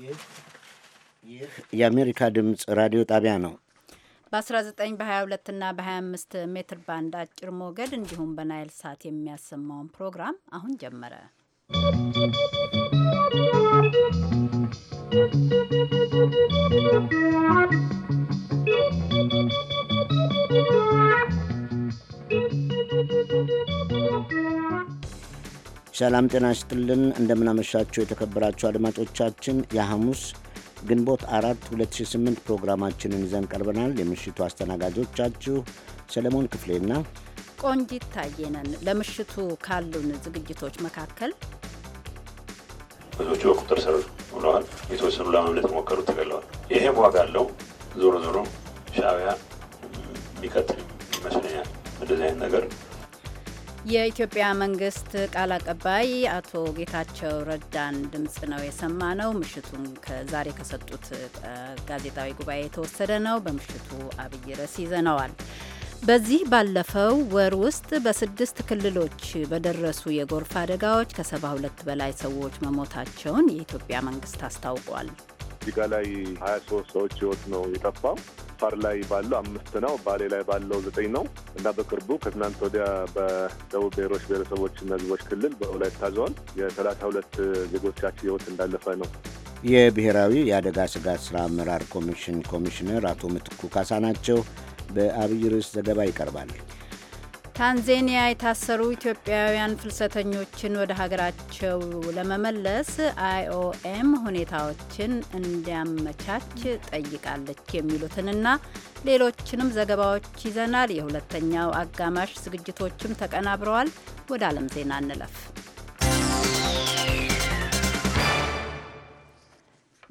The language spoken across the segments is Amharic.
ይህ ይህ የአሜሪካ ድምፅ ራዲዮ ጣቢያ ነው። በ19 በ22 እና በ25 ሜትር ባንድ አጭር ሞገድ እንዲሁም በናይል ሳት የሚያሰማውን ፕሮግራም አሁን ጀመረ። ¶¶ ሰላም ጤና ይስጥልን። እንደምናመሻቸው የተከበራቸው አድማጮቻችን የሐሙስ ግንቦት አራት 2008 ፕሮግራማችንን ይዘን ቀርበናል። የምሽቱ አስተናጋጆቻችሁ ሰለሞን ክፍሌና ቆንጂት ታየነን። ለምሽቱ ካሉን ዝግጅቶች መካከል ብዙዎቹ በቁጥር ስር ውለዋል። የተወሰኑ ለማምለጥ ሞከሩ፣ ተገለዋል። ይሄ ዋጋ አለው። ዞሮ ዞሮ ሻዕቢያ የሚቀጥል ይመስለኛል። እንደዚህ አይነት ነገር የኢትዮጵያ መንግስት ቃል አቀባይ አቶ ጌታቸው ረዳን ድምጽ ነው የሰማ ነው። ምሽቱን ከዛሬ ከሰጡት ጋዜጣዊ ጉባኤ የተወሰደ ነው። በምሽቱ አብይ ርዕስ ይዘነዋል። በዚህ ባለፈው ወር ውስጥ በስድስት ክልሎች በደረሱ የጎርፍ አደጋዎች ከሰባ ሁለት በላይ ሰዎች መሞታቸውን የኢትዮጵያ መንግስት አስታውቋል። እዚጋ ላይ ሶስት ሰዎች ህይወት ነው የጠፋው። አፋር ላይ ባለው አምስት ነው፣ ባሌ ላይ ባለው ዘጠኝ ነው እና በቅርቡ ከትናንት ወዲያ በደቡብ ብሔሮች ብሔረሰቦችና ሕዝቦች ክልል በወላይታ ዞን የሰላሳ ሁለት ዜጎቻችን ህይወት እንዳለፈ ነው። የብሔራዊ የአደጋ ስጋት ሥራ አመራር ኮሚሽን ኮሚሽነር አቶ ምትኩ ካሳ ናቸው። በአብይ ርዕስ ዘገባ ይቀርባል። ታንዜኒያ የታሰሩ ኢትዮጵያውያን ፍልሰተኞችን ወደ ሀገራቸው ለመመለስ አይኦኤም ሁኔታዎችን እንዲያመቻች ጠይቃለች የሚሉትንና ሌሎችንም ዘገባዎች ይዘናል። የሁለተኛው አጋማሽ ዝግጅቶችም ተቀናብረዋል። ወደ ዓለም ዜና እንለፍ።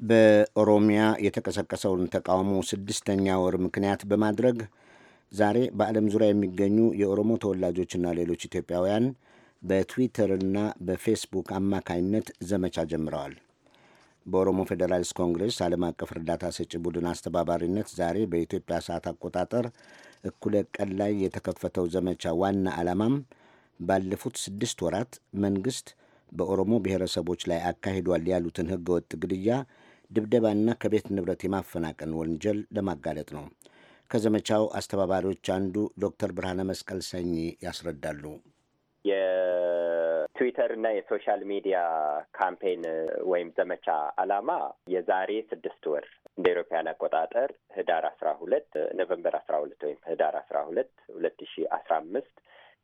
በኦሮሚያ የተቀሰቀሰውን ተቃውሞ ስድስተኛ ወር ምክንያት በማድረግ ዛሬ በዓለም ዙሪያ የሚገኙ የኦሮሞ ተወላጆችና ሌሎች ኢትዮጵያውያን በትዊተርና በፌስቡክ አማካይነት ዘመቻ ጀምረዋል። በኦሮሞ ፌዴራሊስት ኮንግሬስ ዓለም አቀፍ እርዳታ ሰጪ ቡድን አስተባባሪነት ዛሬ በኢትዮጵያ ሰዓት አቆጣጠር እኩለ ቀን ላይ የተከፈተው ዘመቻ ዋና ዓላማም ባለፉት ስድስት ወራት መንግሥት በኦሮሞ ብሔረሰቦች ላይ አካሂዷል ያሉትን ህገወጥ ግድያ፣ ድብደባና ከቤት ንብረት የማፈናቀን ወንጀል ለማጋለጥ ነው። ከዘመቻው አስተባባሪዎች አንዱ ዶክተር ብርሃነ መስቀል ሰኚ ያስረዳሉ። የትዊተር እና የሶሻል ሚዲያ ካምፔን ወይም ዘመቻ አላማ የዛሬ ስድስት ወር እንደ ኤሮፓያን አቆጣጠር ህዳር አስራ ሁለት ኖቨምበር አስራ ሁለት ወይም ህዳር አስራ ሁለት ሁለት ሺ አስራ አምስት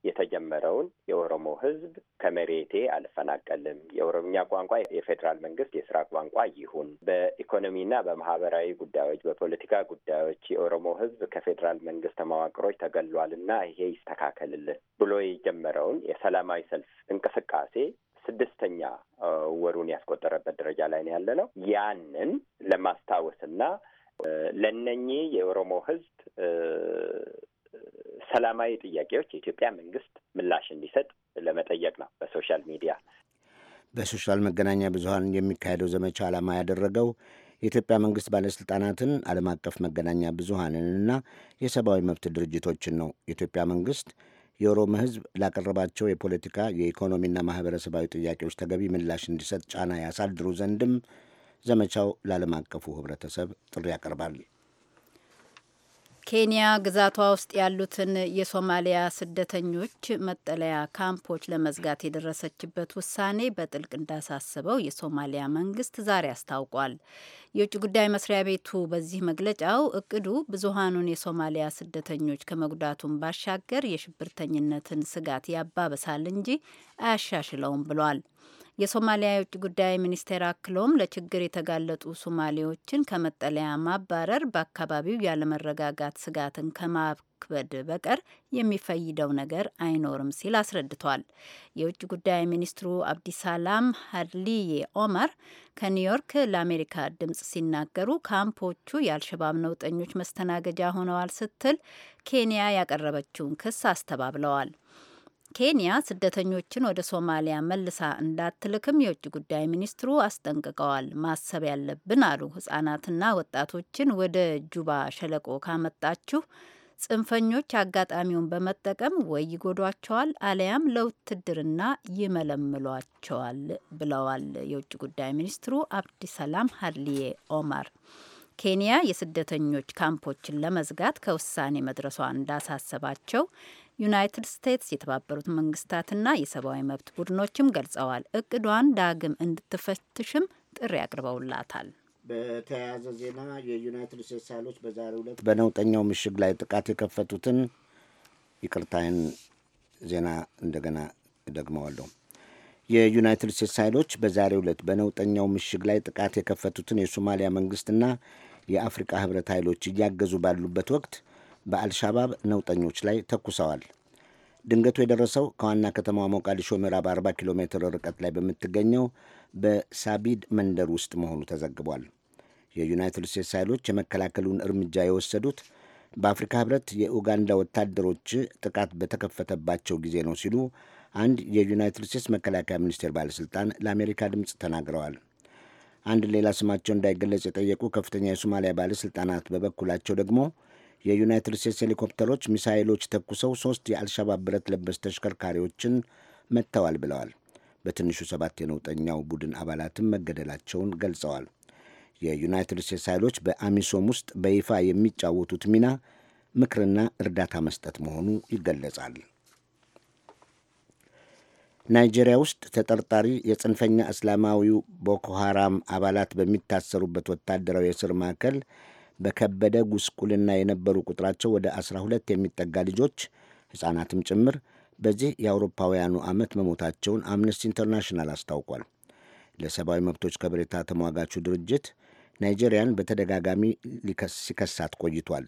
የተጀመረውን የኦሮሞ ህዝብ ከመሬቴ አልፈናቀልም፣ የኦሮምኛ ቋንቋ የፌዴራል መንግስት የስራ ቋንቋ ይሁን፣ በኢኮኖሚና በማህበራዊ ጉዳዮች፣ በፖለቲካ ጉዳዮች የኦሮሞ ህዝብ ከፌዴራል መንግስት መዋቅሮች ተገሏልና ይሄ ይስተካከልልን ብሎ የጀመረውን የሰላማዊ ሰልፍ እንቅስቃሴ ስድስተኛ ወሩን ያስቆጠረበት ደረጃ ላይ ነው ያለ ነው። ያንን ለማስታወስና ለነኚህ የኦሮሞ ህዝብ ሰላማዊ ጥያቄዎች የኢትዮጵያ መንግስት ምላሽ እንዲሰጥ ለመጠየቅ ነው። በሶሻል ሚዲያ በሶሻል መገናኛ ብዙሀን የሚካሄደው ዘመቻ ዓላማ ያደረገው የኢትዮጵያ መንግስት ባለስልጣናትን፣ ዓለም አቀፍ መገናኛ ብዙሀንንና የሰብአዊ መብት ድርጅቶችን ነው። የኢትዮጵያ መንግስት የኦሮሞ ህዝብ ላቀረባቸው የፖለቲካ የኢኮኖሚና ማህበረሰባዊ ጥያቄዎች ተገቢ ምላሽ እንዲሰጥ ጫና ያሳድሩ ዘንድም ዘመቻው ለዓለም አቀፉ ህብረተሰብ ጥሪ ያቀርባል። ኬንያ ግዛቷ ውስጥ ያሉትን የሶማሊያ ስደተኞች መጠለያ ካምፖች ለመዝጋት የደረሰችበት ውሳኔ በጥልቅ እንዳሳሰበው የሶማሊያ መንግስት ዛሬ አስታውቋል። የውጭ ጉዳይ መስሪያ ቤቱ በዚህ መግለጫው እቅዱ ብዙሀኑን የሶማሊያ ስደተኞች ከመጉዳቱን ባሻገር የሽብርተኝነትን ስጋት ያባበሳል እንጂ አያሻሽለውም ብሏል። የሶማሊያ የውጭ ጉዳይ ሚኒስቴር አክሎም ለችግር የተጋለጡ ሶማሌዎችን ከመጠለያ ማባረር በአካባቢው ያለመረጋጋት ስጋትን ከማክበድ በቀር የሚፈይደው ነገር አይኖርም ሲል አስረድቷል። የውጭ ጉዳይ ሚኒስትሩ አብዲሳላም ሀድሊዬ ኦመር ከኒውዮርክ ለአሜሪካ ድምጽ ሲናገሩ ካምፖቹ የአልሸባብ ነውጠኞች መስተናገጃ ሆነዋል ስትል ኬንያ ያቀረበችውን ክስ አስተባብለዋል። ኬንያ ስደተኞችን ወደ ሶማሊያ መልሳ እንዳትልክም የውጭ ጉዳይ ሚኒስትሩ አስጠንቅቀዋል። ማሰብ ያለብን አሉ፣ ህጻናትና ወጣቶችን ወደ ጁባ ሸለቆ ካመጣችሁ ጽንፈኞች አጋጣሚውን በመጠቀም ወይ ይጎዷቸዋል አሊያም ለውትድርና ይመለምሏቸዋል ብለዋል። የውጭ ጉዳይ ሚኒስትሩ አብዲሰላም ሀድሊዬ ኦማር ኬንያ የስደተኞች ካምፖችን ለመዝጋት ከውሳኔ መድረሷ እንዳሳሰባቸው ዩናይትድ ስቴትስ፣ የተባበሩት መንግስታትና የሰብአዊ መብት ቡድኖችም ገልጸዋል። እቅዷን ዳግም እንድትፈትሽም ጥሪ አቅርበውላታል። በተያያዘ ዜና የዩናይትድ ስቴትስ ኃይሎች በዛሬው ዕለት በነውጠኛው ምሽግ ላይ ጥቃት የከፈቱትን ይቅርታይን ዜና እንደገና እደግመዋለሁ። የዩናይትድ ስቴትስ ኃይሎች በዛሬው ዕለት በነውጠኛው ምሽግ ላይ ጥቃት የከፈቱትን የሶማሊያ መንግስትና የአፍሪቃ ህብረት ኃይሎች እያገዙ ባሉበት ወቅት በአልሻባብ ነውጠኞች ላይ ተኩሰዋል። ድንገቱ የደረሰው ከዋና ከተማዋ ሞቃዲሾ ምዕራብ 40 ኪሎ ሜትር ርቀት ላይ በምትገኘው በሳቢድ መንደር ውስጥ መሆኑ ተዘግቧል። የዩናይትድ ስቴትስ ኃይሎች የመከላከሉን እርምጃ የወሰዱት በአፍሪካ ህብረት የኡጋንዳ ወታደሮች ጥቃት በተከፈተባቸው ጊዜ ነው ሲሉ አንድ የዩናይትድ ስቴትስ መከላከያ ሚኒስቴር ባለሥልጣን ለአሜሪካ ድምፅ ተናግረዋል። አንድ ሌላ ስማቸው እንዳይገለጽ የጠየቁ ከፍተኛ የሶማሊያ ባለሥልጣናት በበኩላቸው ደግሞ የዩናይትድ ስቴትስ ሄሊኮፕተሮች ሚሳይሎች ተኩሰው ሦስት የአልሻባብ ብረት ለበስ ተሽከርካሪዎችን መጥተዋል ብለዋል። በትንሹ ሰባት የነውጠኛው ቡድን አባላትም መገደላቸውን ገልጸዋል። የዩናይትድ ስቴትስ ኃይሎች በአሚሶም ውስጥ በይፋ የሚጫወቱት ሚና ምክርና እርዳታ መስጠት መሆኑ ይገለጻል። ናይጄሪያ ውስጥ ተጠርጣሪ የጽንፈኛ እስላማዊው ቦኮ ሃራም አባላት በሚታሰሩበት ወታደራዊ የእስር ማዕከል በከበደ ጉስቁልና የነበሩ ቁጥራቸው ወደ 12 የሚጠጋ ልጆች ሕፃናትም ጭምር በዚህ የአውሮፓውያኑ ዓመት መሞታቸውን አምነስቲ ኢንተርናሽናል አስታውቋል። ለሰብአዊ መብቶች ከበሬታ ተሟጋቹ ድርጅት ናይጄሪያን በተደጋጋሚ ሲከሳት ቆይቷል።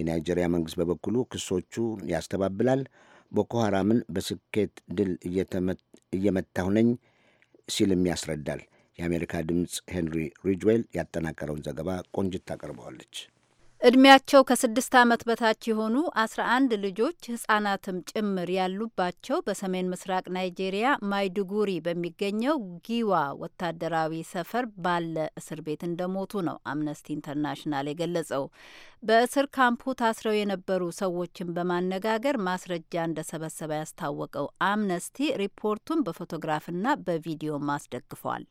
የናይጄሪያ መንግሥት በበኩሉ ክሶቹ ያስተባብላል። ቦኮ ሐራምን በስኬት ድል እየመታሁ ነኝ ሲልም ያስረዳል። የአሜሪካ ድምፅ ሄንሪ ሪጅዌል ያጠናቀረውን ዘገባ ቆንጅት ታቀርበዋለች። እድሜያቸው ከስድስት ዓመት በታች የሆኑ አስራ አንድ ልጆች ህጻናትም ጭምር ያሉባቸው በሰሜን ምስራቅ ናይጄሪያ ማይድጉሪ በሚገኘው ጊዋ ወታደራዊ ሰፈር ባለ እስር ቤት እንደሞቱ ነው አምነስቲ ኢንተርናሽናል የገለጸው። በእስር ካምፑ ታስረው የነበሩ ሰዎችን በማነጋገር ማስረጃ እንደሰበሰበ ያስታወቀው አምነስቲ ሪፖርቱን በፎቶግራፍና በቪዲዮም አስደግፏል።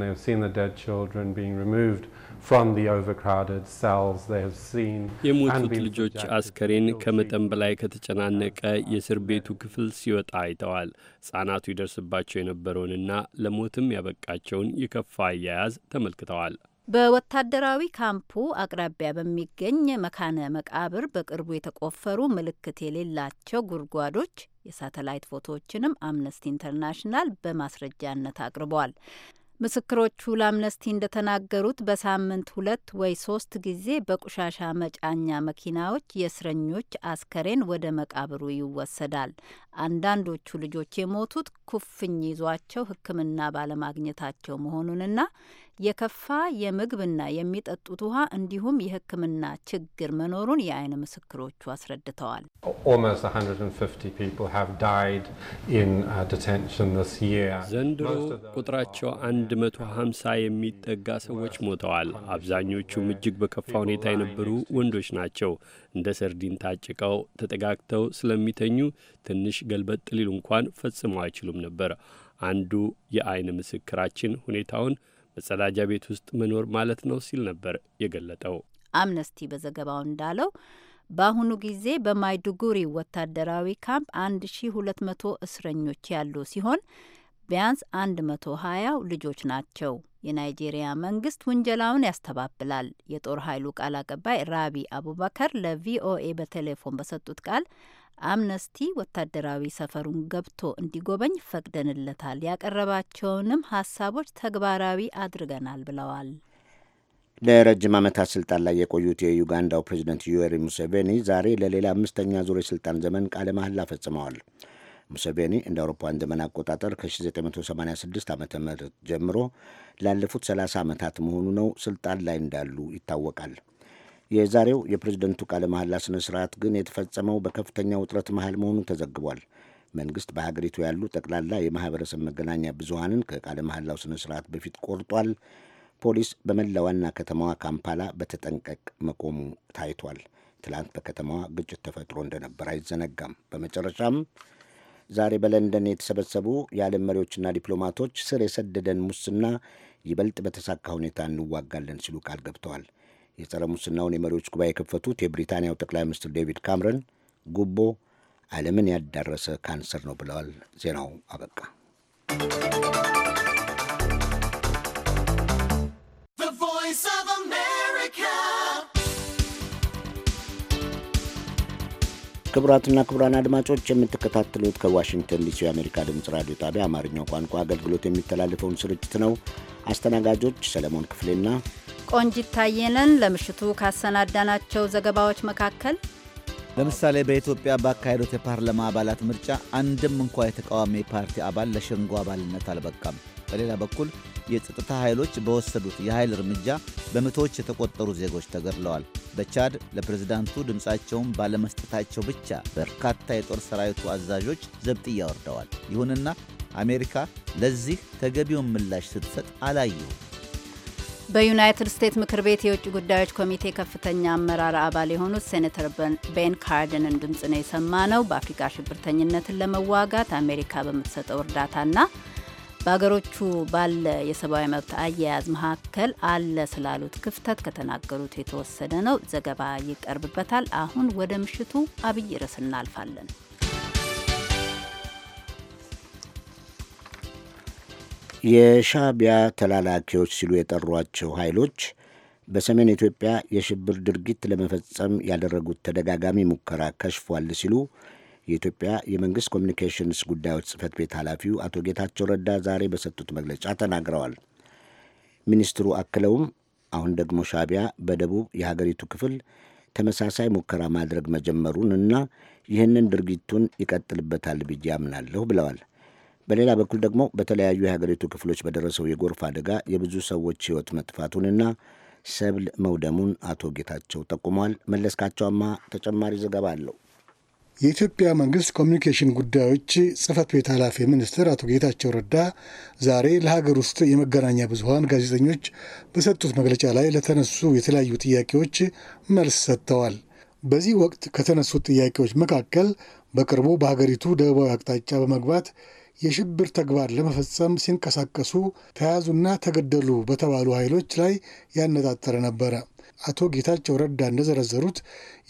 They have seen the dead children being removed from the overcrowded cells. They have seen የሞቱት ልጆች አስከሬን ከመጠን በላይ ከተጨናነቀ የእስር ቤቱ ክፍል ሲወጣ አይተዋል። ሕፃናቱ ይደርስባቸው የነበረውንና ለሞትም ያበቃቸውን የከፋ አያያዝ ተመልክተዋል። በወታደራዊ ካምፑ አቅራቢያ በሚገኝ መካነ መቃብር በቅርቡ የተቆፈሩ ምልክት የሌላቸው ጉድጓዶች የሳተላይት ፎቶዎችንም አምነስቲ ኢንተርናሽናል በማስረጃነት አቅርበዋል። ምስክሮቹ ለአምነስቲ እንደተናገሩት በሳምንት ሁለት ወይ ሶስት ጊዜ በቆሻሻ መጫኛ መኪናዎች የእስረኞች አስከሬን ወደ መቃብሩ ይወሰዳል። አንዳንዶቹ ልጆች የሞቱት ኩፍኝ ይዟቸው ሕክምና ባለማግኘታቸው መሆኑንና የከፋ የምግብና የሚጠጡት ውሃ እንዲሁም የሕክምና ችግር መኖሩን የአይን ምስክሮቹ አስረድተዋል። uh, ዘንድሮ ቁጥራቸው 150 የሚጠጋ ሰዎች ሞተዋል። አብዛኞቹም እጅግ በከፋ ሁኔታ የነበሩ ወንዶች ናቸው። እንደ ሰርዲን ታጭቀው ተጠጋግተው ስለሚተኙ ትንሽ ገልበጥ ሊሉ እንኳን ፈጽሞ አይችሉም ነበር። አንዱ የአይን ምስክራችን ሁኔታውን መጸዳጃ ቤት ውስጥ መኖር ማለት ነው ሲል ነበር የገለጠው። አምነስቲ በዘገባው እንዳለው በአሁኑ ጊዜ በማይዱጉሪ ወታደራዊ ካምፕ ሺ መቶ እስረኞች ያሉ ሲሆን ቢያንስ መቶ ሀያው ልጆች ናቸው። የናይጄሪያ መንግስት ውንጀላውን ያስተባብላል። የጦር ኃይሉ ቃል አቀባይ ራቢ አቡበከር ለቪኦኤ በቴሌፎን በሰጡት ቃል አምነስቲ ወታደራዊ ሰፈሩን ገብቶ እንዲጎበኝ ፈቅደንለታል። ያቀረባቸውንም ሀሳቦች ተግባራዊ አድርገናል ብለዋል። ለረጅም ዓመታት ስልጣን ላይ የቆዩት የዩጋንዳው ፕሬዚደንት ዩዌሪ ሙሴቬኒ ዛሬ ለሌላ አምስተኛ ዙር የስልጣን ዘመን ቃለ መሐላ ፈጽመዋል። ሙሴቬኒ እንደ አውሮፓውያን ዘመን አቆጣጠር ከ1986 ዓ ም ጀምሮ ላለፉት 30 ዓመታት መሆኑ ነው ስልጣን ላይ እንዳሉ ይታወቃል። የዛሬው የፕሬዝደንቱ ቃለ መሐላ ስነ ስርዓት ግን የተፈጸመው በከፍተኛ ውጥረት መሃል መሆኑ ተዘግቧል። መንግስት በሀገሪቱ ያሉ ጠቅላላ የማህበረሰብ መገናኛ ብዙሀንን ከቃለ መሐላው ስነ ስርዓት በፊት ቆርጧል። ፖሊስ በመላ ዋና ከተማዋ ካምፓላ በተጠንቀቅ መቆሙ ታይቷል። ትላንት በከተማዋ ግጭት ተፈጥሮ እንደነበር አይዘነጋም። በመጨረሻም ዛሬ በለንደን የተሰበሰቡ የዓለም መሪዎችና ዲፕሎማቶች ስር የሰደደን ሙስና ይበልጥ በተሳካ ሁኔታ እንዋጋለን ሲሉ ቃል ገብተዋል። የጸረ ሙስናውን የመሪዎች ጉባኤ የከፈቱት የብሪታንያው ጠቅላይ ሚኒስትር ዴቪድ ካምረን ጉቦ ዓለምን ያዳረሰ ካንሰር ነው ብለዋል። ዜናው አበቃ። ክቡራትና ክቡራን አድማጮች የምትከታተሉት ከዋሽንግተን ዲሲ የአሜሪካ ድምፅ ራዲዮ ጣቢያ አማርኛው ቋንቋ አገልግሎት የሚተላለፈውን ስርጭት ነው። አስተናጋጆች ሰለሞን ክፍሌና ቆንጂት ታየነን ለምሽቱ ካሰናዳናቸው ዘገባዎች መካከል ለምሳሌ በኢትዮጵያ ባካሄዱት የፓርላማ አባላት ምርጫ አንድም እንኳ የተቃዋሚ ፓርቲ አባል ለሸንጎ አባልነት አልበቃም። በሌላ በኩል የጸጥታ ኃይሎች በወሰዱት የኃይል እርምጃ በመቶዎች የተቆጠሩ ዜጎች ተገድለዋል። በቻድ ለፕሬዝዳንቱ ድምፃቸውን ባለመስጠታቸው ብቻ በርካታ የጦር ሰራዊቱ አዛዦች ዘብጥያ ወርደዋል። ይሁንና አሜሪካ ለዚህ ተገቢውን ምላሽ ስትሰጥ አላየሁም። በዩናይትድ ስቴትስ ምክር ቤት የውጭ ጉዳዮች ኮሚቴ ከፍተኛ አመራር አባል የሆኑት ሴኔተር ቤን ካርደንን ድምፅ ነው ነው። በአፍሪካ ሽብርተኝነትን ለመዋጋት አሜሪካ በምትሰጠው እርዳታና በሀገሮቹ ባለ የሰብአዊ መብት አያያዝ መካከል አለ ስላሉት ክፍተት ከተናገሩት የተወሰደ ነው። ዘገባ ይቀርብበታል። አሁን ወደ ምሽቱ አብይ ርዕስ እናልፋለን። የሻቢያ ተላላኪዎች ሲሉ የጠሯቸው ኃይሎች በሰሜን ኢትዮጵያ የሽብር ድርጊት ለመፈጸም ያደረጉት ተደጋጋሚ ሙከራ ከሽፏል ሲሉ የኢትዮጵያ የመንግሥት ኮሚኒኬሽንስ ጉዳዮች ጽህፈት ቤት ኃላፊው አቶ ጌታቸው ረዳ ዛሬ በሰጡት መግለጫ ተናግረዋል። ሚኒስትሩ አክለውም አሁን ደግሞ ሻቢያ በደቡብ የሀገሪቱ ክፍል ተመሳሳይ ሙከራ ማድረግ መጀመሩን እና ይህንን ድርጊቱን ይቀጥልበታል ብዬ አምናለሁ ብለዋል። በሌላ በኩል ደግሞ በተለያዩ የሀገሪቱ ክፍሎች በደረሰው የጎርፍ አደጋ የብዙ ሰዎች ሕይወት መጥፋቱንና ሰብል መውደሙን አቶ ጌታቸው ጠቁመዋል። መለስካቸውማ ተጨማሪ ዘገባ አለው። የኢትዮጵያ መንግስት ኮሚኒኬሽን ጉዳዮች ጽህፈት ቤት ኃላፊ ሚኒስትር አቶ ጌታቸው ረዳ ዛሬ ለሀገር ውስጥ የመገናኛ ብዙኃን ጋዜጠኞች በሰጡት መግለጫ ላይ ለተነሱ የተለያዩ ጥያቄዎች መልስ ሰጥተዋል። በዚህ ወቅት ከተነሱት ጥያቄዎች መካከል በቅርቡ በሀገሪቱ ደቡባዊ አቅጣጫ በመግባት የሽብር ተግባር ለመፈጸም ሲንቀሳቀሱ ተያዙና ተገደሉ በተባሉ ኃይሎች ላይ ያነጣጠረ ነበረ። አቶ ጌታቸው ረዳ እንደዘረዘሩት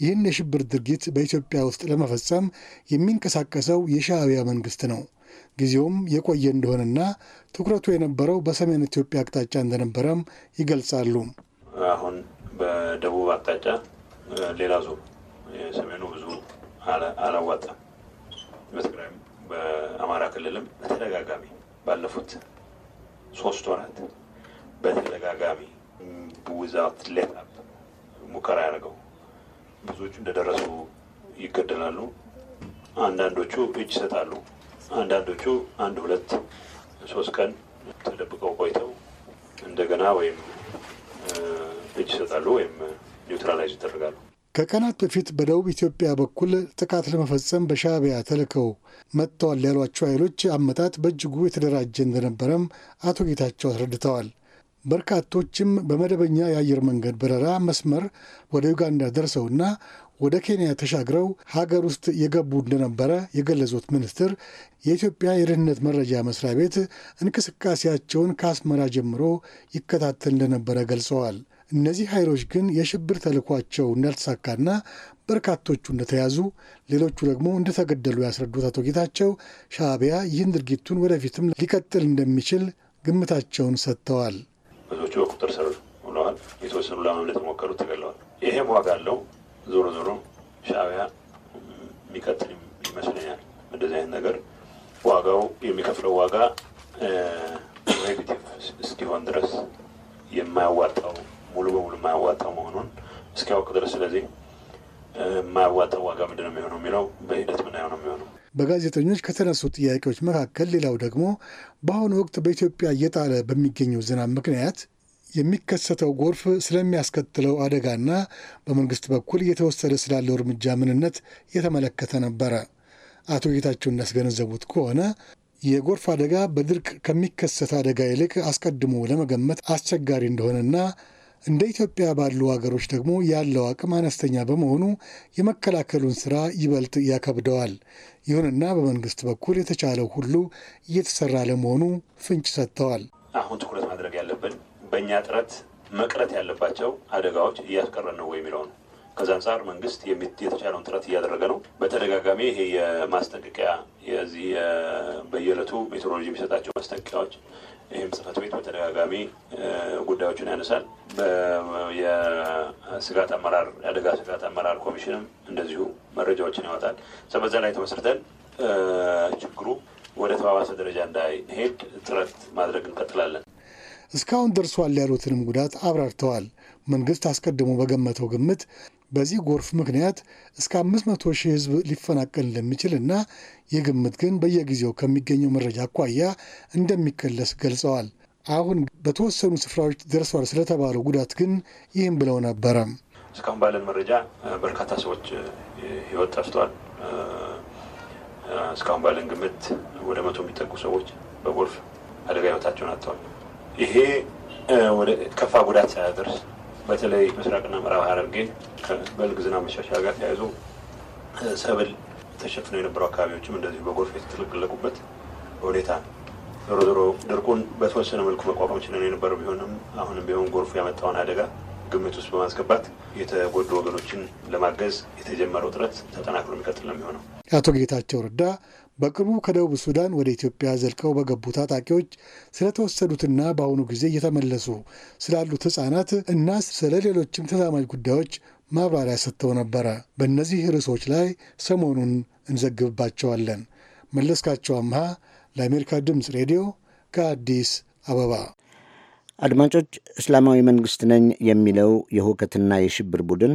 ይህን የሽብር ድርጊት በኢትዮጵያ ውስጥ ለመፈጸም የሚንቀሳቀሰው የሻዕቢያ መንግስት ነው። ጊዜውም የቆየ እንደሆነና ትኩረቱ የነበረው በሰሜን ኢትዮጵያ አቅጣጫ እንደነበረም ይገልጻሉ። አሁን በደቡብ አቅጣጫ ሌላ ዞ የሰሜኑ ብዙ አላዋጣም። በትግራይም በአማራ ክልልም በተደጋጋሚ ባለፉት ሶስት ወራት በተደጋጋሚ ውዛት ሌት አፕ ሙከራ ያደርገው ብዙዎቹ እንደደረሱ ይገደላሉ። አንዳንዶቹ እጅ ይሰጣሉ። አንዳንዶቹ አንድ ሁለት ሶስት ቀን ተደብቀው ቆይተው እንደገና ወይም እጅ ይሰጣሉ ወይም ኒውትራላይዝ ይደረጋሉ። ከቀናት በፊት በደቡብ ኢትዮጵያ በኩል ጥቃት ለመፈጸም በሻቢያ ተልከው መጥተዋል ያሏቸው ኃይሎች አመጣት በእጅጉ የተደራጀ እንደነበረም አቶ ጌታቸው አስረድተዋል። በርካቶችም በመደበኛ የአየር መንገድ በረራ መስመር ወደ ዩጋንዳ ደርሰውና ወደ ኬንያ ተሻግረው ሀገር ውስጥ የገቡ እንደነበረ የገለጹት ሚኒስትር የኢትዮጵያ የደህንነት መረጃ መስሪያ ቤት እንቅስቃሴያቸውን ከአስመራ ጀምሮ ይከታተል እንደነበረ ገልጸዋል። እነዚህ ኃይሎች ግን የሽብር ተልኳቸው እንዳልተሳካና በርካቶቹ እንደተያዙ፣ ሌሎቹ ደግሞ እንደተገደሉ ያስረዱት አቶ ጌታቸው ሻዕቢያ ይህን ድርጊቱን ወደፊትም ሊቀጥል እንደሚችል ግምታቸውን ሰጥተዋል። ብዙዎቹ በቁጥር ስር ውለዋል። የተወሰኑ ለማምለጥ የሞከሩት ተገለዋል። ይሄም ዋጋ አለው። ዞሮ ዞሮ ሻዕቢያ የሚቀጥል ይመስለኛል። እንደዚህ አይነት ነገር ዋጋው የሚከፍለው ዋጋ ኔጌቲቭ እስኪሆን ድረስ የማያዋጣው ሙሉ በሙሉ የማያዋጣው መሆኑን እስኪያውቅ ድረስ ስለዚህ የማያዋጣው ዋጋ ምንድን ነው የሚሆነው የሚለው በሂደት ምናየው ነው የሚሆነው። በጋዜጠኞች ከተነሱ ጥያቄዎች መካከል ሌላው ደግሞ በአሁኑ ወቅት በኢትዮጵያ እየጣለ በሚገኘው ዝናብ ምክንያት የሚከሰተው ጎርፍ ስለሚያስከትለው አደጋና በመንግስት በኩል እየተወሰደ ስላለው እርምጃ ምንነት የተመለከተ ነበረ። አቶ ጌታቸው እንዳስገነዘቡት ከሆነ የጎርፍ አደጋ በድርቅ ከሚከሰት አደጋ ይልቅ አስቀድሞ ለመገመት አስቸጋሪ እንደሆነና እንደ ኢትዮጵያ ባሉ አገሮች ደግሞ ያለው አቅም አነስተኛ በመሆኑ የመከላከሉን ስራ ይበልጥ ያከብደዋል። ይሁንና በመንግስት በኩል የተቻለው ሁሉ እየተሰራ ለመሆኑ ፍንጭ ሰጥተዋል። አሁን ትኩረት ማድረግ ያለብን በእኛ ጥረት መቅረት ያለባቸው አደጋዎች እያስቀረን ነው የሚለው ነው። ከዛ አንጻር መንግስት የተቻለውን ጥረት እያደረገ ነው። በተደጋጋሚ ይሄ የማስጠንቀቂያ የዚህ በየዕለቱ ሜትሮሎጂ የሚሰጣቸው ማስጠንቀቂያዎች ይህም ጽህፈት ቤት በተደጋጋሚ ጉዳዮችን ያነሳል። የስጋት አመራር የአደጋ ስጋት አመራር ኮሚሽንም እንደዚሁ መረጃዎችን ያወጣል። በዛ ላይ ተመስርተን ችግሩ ወደ ተባባሰ ደረጃ እንዳይሄድ ጥረት ማድረግ እንቀጥላለን። እስካሁን ደርሷል ያሉትንም ጉዳት አብራርተዋል። መንግስት አስቀድሞ በገመተው ግምት በዚህ ጎርፍ ምክንያት እስከ 500 ሺህ ህዝብ ሊፈናቀል እንደሚችል እና ይህ ግምት ግን በየጊዜው ከሚገኘው መረጃ አኳያ እንደሚከለስ ገልጸዋል። አሁን በተወሰኑ ስፍራዎች ደርሷል ስለተባለው ጉዳት ግን ይህም ብለው ነበረ። እስካሁን ባለን መረጃ በርካታ ሰዎች ህይወት ጠፍቷል። እስካሁን ባለን ግምት ወደ መቶ የሚጠጉ ሰዎች በጎርፍ አደጋ ህይወታቸውን አጥተዋል። ይሄ ወደ ከፋ ጉዳት ሳያደርስ በተለይ ምስራቅና ምዕራብ ሐረርጌን ከበልግ ዝናብ መሻሻያ ጋር ተያይዞ ሰብል ተሸፍኖ የነበሩ አካባቢዎችም እንደዚሁ በጎርፍ የተጥለቀለቁበት ሁኔታ ነው። ዞሮ ዞሮ ድርቁን በተወሰነ መልኩ መቋቋም ችለን የነበረ ቢሆንም አሁንም ቢሆን ጎርፉ ያመጣውን አደጋ ግምት ውስጥ በማስገባት የተጎዱ ወገኖችን ለማገዝ የተጀመረው ጥረት ተጠናክሮ የሚቀጥል ነው የሚሆነው። አቶ ጌታቸው ረዳ በቅርቡ ከደቡብ ሱዳን ወደ ኢትዮጵያ ዘልቀው በገቡ ታጣቂዎች ስለተወሰዱትና በአሁኑ ጊዜ እየተመለሱ ስላሉት ሕፃናት እና ስለ ሌሎችም ተዛማጅ ጉዳዮች ማብራሪያ ሰጥተው ነበረ። በእነዚህ ርዕሶች ላይ ሰሞኑን እንዘግብባቸዋለን። መለስካቸው አምሃ ለአሜሪካ ድምፅ ሬዲዮ ከአዲስ አበባ። አድማጮች፣ እስላማዊ መንግሥት ነኝ የሚለው የሁከትና የሽብር ቡድን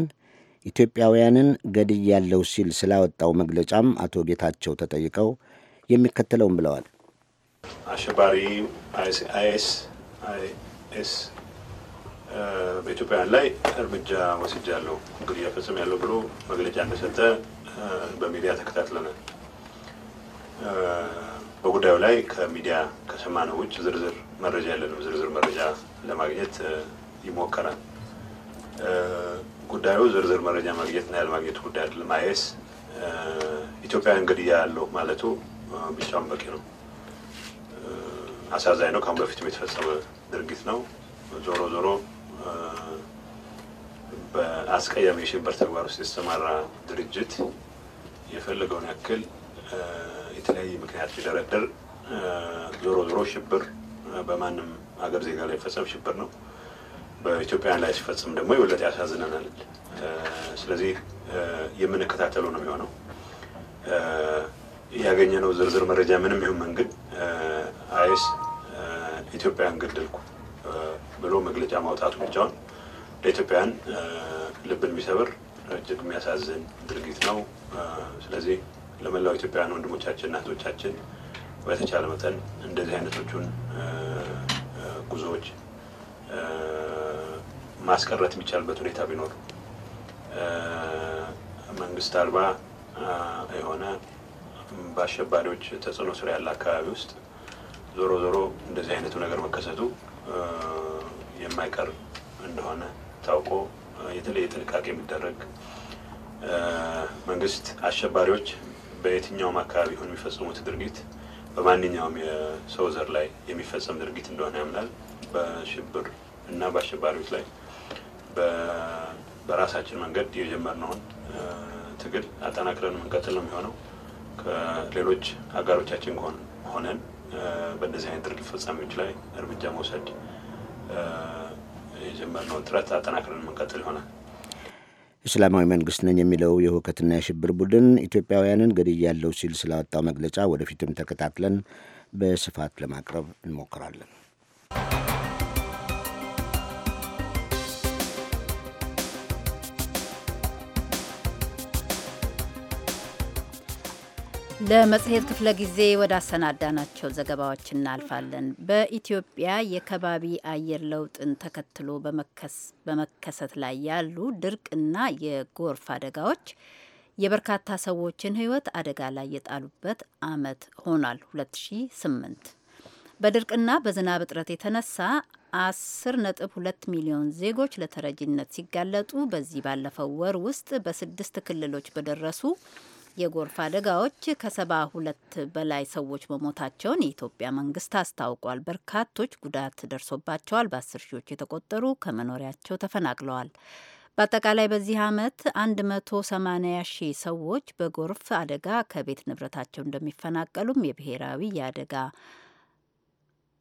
ኢትዮጵያውያንን ገድያለሁ ሲል ስላወጣው መግለጫም አቶ ጌታቸው ተጠይቀው የሚከተለውም ብለዋል። አሸባሪ አይኤስ አይኤስ በኢትዮጵያውያን ላይ እርምጃ ወስጃለሁ፣ ግድያ ያለው ብሎ መግለጫ እንደሰጠ በሚዲያ ተከታትለናል። በጉዳዩ ላይ ከሚዲያ ከሰማነው ውጭ ዝርዝር መረጃ የለንም። ዝርዝር መረጃ ለማግኘት ይሞከራል። ጉዳዩ ዝርዝር መረጃ ማግኘትና ያለማግኘት ጉዳይ አይደለም። አይስ ኢትዮጵያ እንግዲህ ያለው ማለቱ ብቻውን በቂ ነው። አሳዛኝ ነው። ከአሁን በፊትም የተፈጸመ ድርጊት ነው። ዞሮ ዞሮ በአስቀያሚ የሽብር ተግባር ውስጥ የተሰማራ ድርጅት የፈለገውን ያክል የተለያየ ምክንያት ሊደረደር ዞሮ ዞሮ ሽብር በማንም ሀገር ዜጋ ላይ ፈጸም ሽብር ነው። በኢትዮጵያውያን ላይ ሲፈጽም ደግሞ የበለጠ ያሳዝነናል። ስለዚህ የምንከታተለው ነው የሚሆነው። ያገኘነው ዝርዝር መረጃ ምንም ይሁን ምን ግን አይስ ኢትዮጵያን ገደልኩ ብሎ መግለጫ ማውጣቱ ብቻውን ለኢትዮጵያውያን ልብን የሚሰብር እጅግ የሚያሳዝን ድርጊት ነው። ስለዚህ ለመላው ኢትዮጵያውያን ወንድሞቻችንና እህቶቻችን በተቻለ መጠን እንደዚህ አይነቶቹን ጉዞዎች ማስቀረት የሚቻልበት ሁኔታ ቢኖር መንግስት አልባ የሆነ በአሸባሪዎች ተጽዕኖ ስር ያለ አካባቢ ውስጥ ዞሮ ዞሮ እንደዚህ አይነቱ ነገር መከሰቱ የማይቀር እንደሆነ ታውቆ የተለየ ጥንቃቄ የሚደረግ መንግስት አሸባሪዎች በየትኛውም አካባቢ ሆኑ የሚፈጽሙት ድርጊት በማንኛውም የሰው ዘር ላይ የሚፈጸም ድርጊት እንደሆነ ያምናል። በሽብር እና በአሸባሪዎች ላይ በራሳችን መንገድ የጀመርነውን ትግል አጠናክረን የምንቀጥል ነው የሚሆነው። ከሌሎች አጋሮቻችን ሆነን በእንደዚህ አይነት ድርጊት ፈጻሚዎች ላይ እርምጃ መውሰድ የጀመርነውን ጥረት አጠናክረን የምንቀጥል ይሆናል። እስላማዊ መንግስት ነኝ የሚለው የሁከትና የሽብር ቡድን ኢትዮጵያውያንን ገድያለሁ ሲል ስላወጣው መግለጫ ወደፊትም ተከታትለን በስፋት ለማቅረብ እንሞክራለን። ለመጽሔት ክፍለ ጊዜ ወደ አሰናዳናቸው ዘገባዎች እናልፋለን። በኢትዮጵያ የከባቢ አየር ለውጥን ተከትሎ በመከሰት ላይ ያሉ ድርቅና የጎርፍ አደጋዎች የበርካታ ሰዎችን ሕይወት አደጋ ላይ የጣሉበት ዓመት ሆኗል 2008 በድርቅና በዝናብ እጥረት የተነሳ 10.2 2 ሚሊዮን ዜጎች ለተረጂነት ሲጋለጡ በዚህ ባለፈው ወር ውስጥ በስድስት ክልሎች በደረሱ የጎርፍ አደጋዎች ከሰባ ሁለት በላይ ሰዎች መሞታቸውን የኢትዮጵያ መንግስት አስታውቋል። በርካቶች ጉዳት ደርሶባቸዋል። በአስር ሺዎች የተቆጠሩ ከመኖሪያቸው ተፈናቅለዋል። በአጠቃላይ በዚህ ዓመት 180 ሺህ ሰዎች በጎርፍ አደጋ ከቤት ንብረታቸው እንደሚፈናቀሉም የብሔራዊ የአደጋ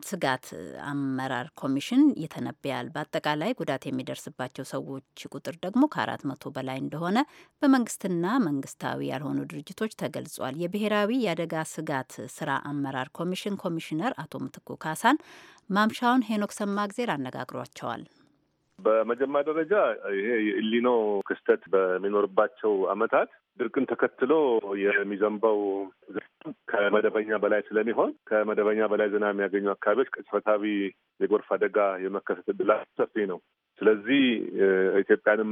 ስጋት አመራር ኮሚሽን ይተነብያል። በአጠቃላይ ጉዳት የሚደርስባቸው ሰዎች ቁጥር ደግሞ ከአራት መቶ በላይ እንደሆነ በመንግስትና መንግስታዊ ያልሆኑ ድርጅቶች ተገልጿል። የብሔራዊ የአደጋ ስጋት ስራ አመራር ኮሚሽን ኮሚሽነር አቶ ምትኩ ካሳን ማምሻውን ሄኖክ ሰማእግዜር አነጋግሯቸዋል። በመጀመሪያ ደረጃ ይሄ የኢሊኖ ክስተት በሚኖርባቸው ዓመታት ድርቅን ተከትሎ የሚዘንባው ከመደበኛ በላይ ስለሚሆን ከመደበኛ በላይ ዝናብ የሚያገኙ አካባቢዎች ቅጽበታዊ የጎርፍ አደጋ የመከሰት እድላቸው ሰፊ ነው። ስለዚህ ኢትዮጵያንም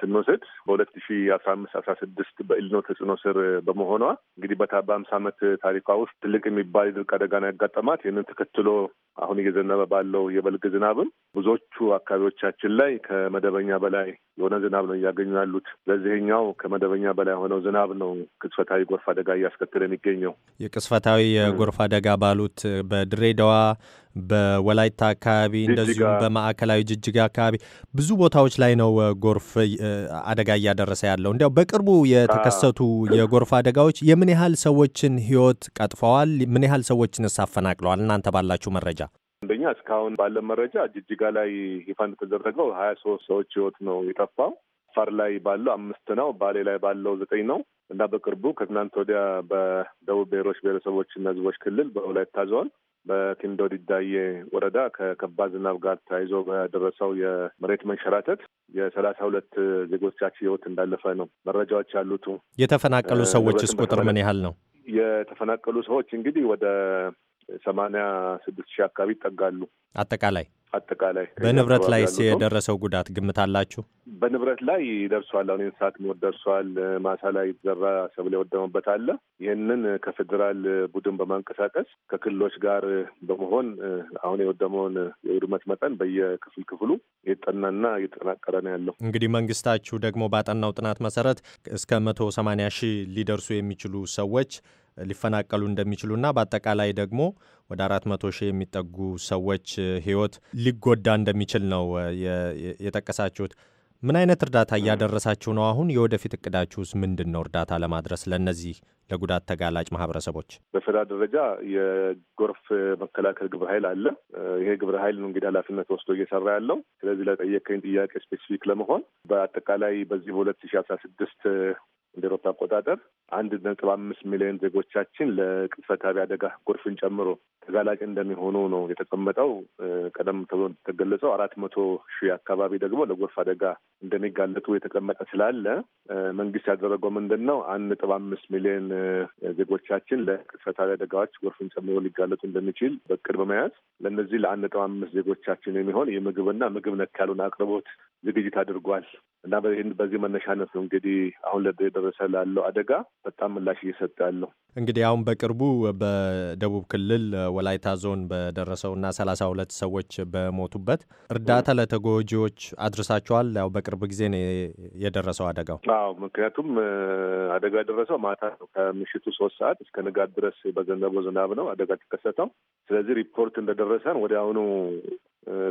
ስንወስድ በሁለት ሺ አስራ አምስት አስራ ስድስት በኢልኖ ተጽዕኖ ስር በመሆኗ እንግዲህ በታ በአምሳ ዓመት ታሪኳ ውስጥ ትልቅ የሚባል ድርቅ አደጋ ነው ያጋጠማት። ይህንን ተከትሎ አሁን እየዘነበ ባለው የበልግ ዝናብም ብዙዎቹ አካባቢዎቻችን ላይ ከመደበኛ በላይ የሆነ ዝናብ ነው እያገኙ ያሉት። ለዚህኛው ከመደበኛ በላይ የሆነው ዝናብ ነው ቅስፈታዊ ጎርፍ አደጋ እያስከተለ የሚገኘው። የቅስፈታዊ የጎርፍ አደጋ ባሉት በድሬዳዋ በወላይታ አካባቢ እንደዚሁም በማዕከላዊ ጅጅጋ አካባቢ ብዙ ቦታዎች ላይ ነው ጎርፍ አደጋ እያደረሰ ያለው። እንዲያው በቅርቡ የተከሰቱ የጎርፍ አደጋዎች የምን ያህል ሰዎችን ሕይወት ቀጥፈዋል? ምን ያህል ሰዎችን አፈናቅለዋል? እናንተ ባላችሁ መረጃ። አንደኛ እስካሁን ባለ መረጃ ጅጅጋ ላይ ይፋ እንደተደረገው ሀያ ሶስት ሰዎች ህይወት ነው የጠፋው። አፋር ላይ ባለው አምስት ነው። ባሌ ላይ ባለው ዘጠኝ ነው እና በቅርቡ ከትናንት ወዲያ በደቡብ ብሔሮች ብሔረሰቦችና ህዝቦች ክልል በወላይታ ዞን በኪንዶ ዲዳዬ ወረዳ ከከባድ ዝናብ ጋር ተያይዞ በደረሰው የመሬት መንሸራተት የሰላሳ ሁለት ዜጎቻችን ህይወት እንዳለፈ ነው መረጃዎች ያሉት። የተፈናቀሉ ሰዎችስ ቁጥር ምን ያህል ነው? የተፈናቀሉ ሰዎች እንግዲህ ወደ ሰማንያ ስድስት ሺህ አካባቢ ይጠጋሉ። አጠቃላይ አጠቃላይ በንብረት ላይ የደረሰው ጉዳት ግምት አላችሁ? በንብረት ላይ ደርሷል አሁን የእንስሳት ሞት ደርሷል። ማሳ ላይ የተዘራ ሰብል የወደመበት አለ። ይህንን ከፌዴራል ቡድን በማንቀሳቀስ ከክልሎች ጋር በመሆን አሁን የወደመውን የውድመት መጠን በየክፍል ክፍሉ እየጠናና እየተጠናቀረ ነው ያለው። እንግዲህ መንግስታችሁ ደግሞ ባጠናው ጥናት መሰረት እስከ መቶ ሰማንያ ሺህ ሊደርሱ የሚችሉ ሰዎች ሊፈናቀሉ እንደሚችሉና በአጠቃላይ ደግሞ ወደ አራት መቶ ሺህ የሚጠጉ ሰዎች ህይወት ሊጎዳ እንደሚችል ነው የጠቀሳችሁት። ምን አይነት እርዳታ እያደረሳችሁ ነው? አሁን የወደፊት እቅዳችሁስ ምንድን ነው? እርዳታ ለማድረስ ለእነዚህ ለጉዳት ተጋላጭ ማህበረሰቦች በፌደራል ደረጃ የጎርፍ መከላከል ግብረ ኃይል አለ። ይሄ ግብረ ኃይል ነው እንግዲህ ኃላፊነት ወስዶ እየሰራ ያለው። ስለዚህ ለጠየቀኝ ጥያቄ ስፔሲፊክ ለመሆን በአጠቃላይ በዚህ በሁለት ሺ አስራ ስድስት እንደ ኤሮፓ አቆጣጠር አንድ ነጥብ አምስት ሚሊዮን ዜጎቻችን ለቅጽበታዊ አደጋ ጎርፍን ጨምሮ ተጋላጭ እንደሚሆኑ ነው የተቀመጠው። ቀደም ተብሎ እንደተገለጸው አራት መቶ ሺህ አካባቢ ደግሞ ለጎርፍ አደጋ እንደሚጋለጡ የተቀመጠ ስላለ መንግስት ያደረገው ምንድን ነው? አንድ ነጥብ አምስት ሚሊዮን ዜጎቻችን ለቅጽበታዊ አደጋዎች ጎርፍን ጨምሮ ሊጋለጡ እንደሚችል በቅድ በመያዝ ለእነዚህ ለአንድ ነጥብ አምስት ዜጎቻችን የሚሆን የምግብና ምግብ ነክ ያሉን አቅርቦት ዝግጅት አድርጓል እና በዚህ መነሻነት ነው እንግዲህ አሁን እየደረሰ ላለው አደጋ በጣም ምላሽ እየሰጠ ያለው እንግዲህ አሁን በቅርቡ በደቡብ ክልል ወላይታ ዞን በደረሰውና ሰላሳ ሁለት ሰዎች በሞቱበት እርዳታ ለተጎጂዎች አድርሳቸዋል? ያው በቅርብ ጊዜ ነው የደረሰው አደጋው። አዎ፣ ምክንያቱም አደጋ የደረሰው ማታ ነው። ከምሽቱ ሶስት ሰዓት እስከ ንጋት ድረስ በዘነበው ዝናብ ነው አደጋ ተከሰተው። ስለዚህ ሪፖርት እንደደረሰን ወደ አሁኑ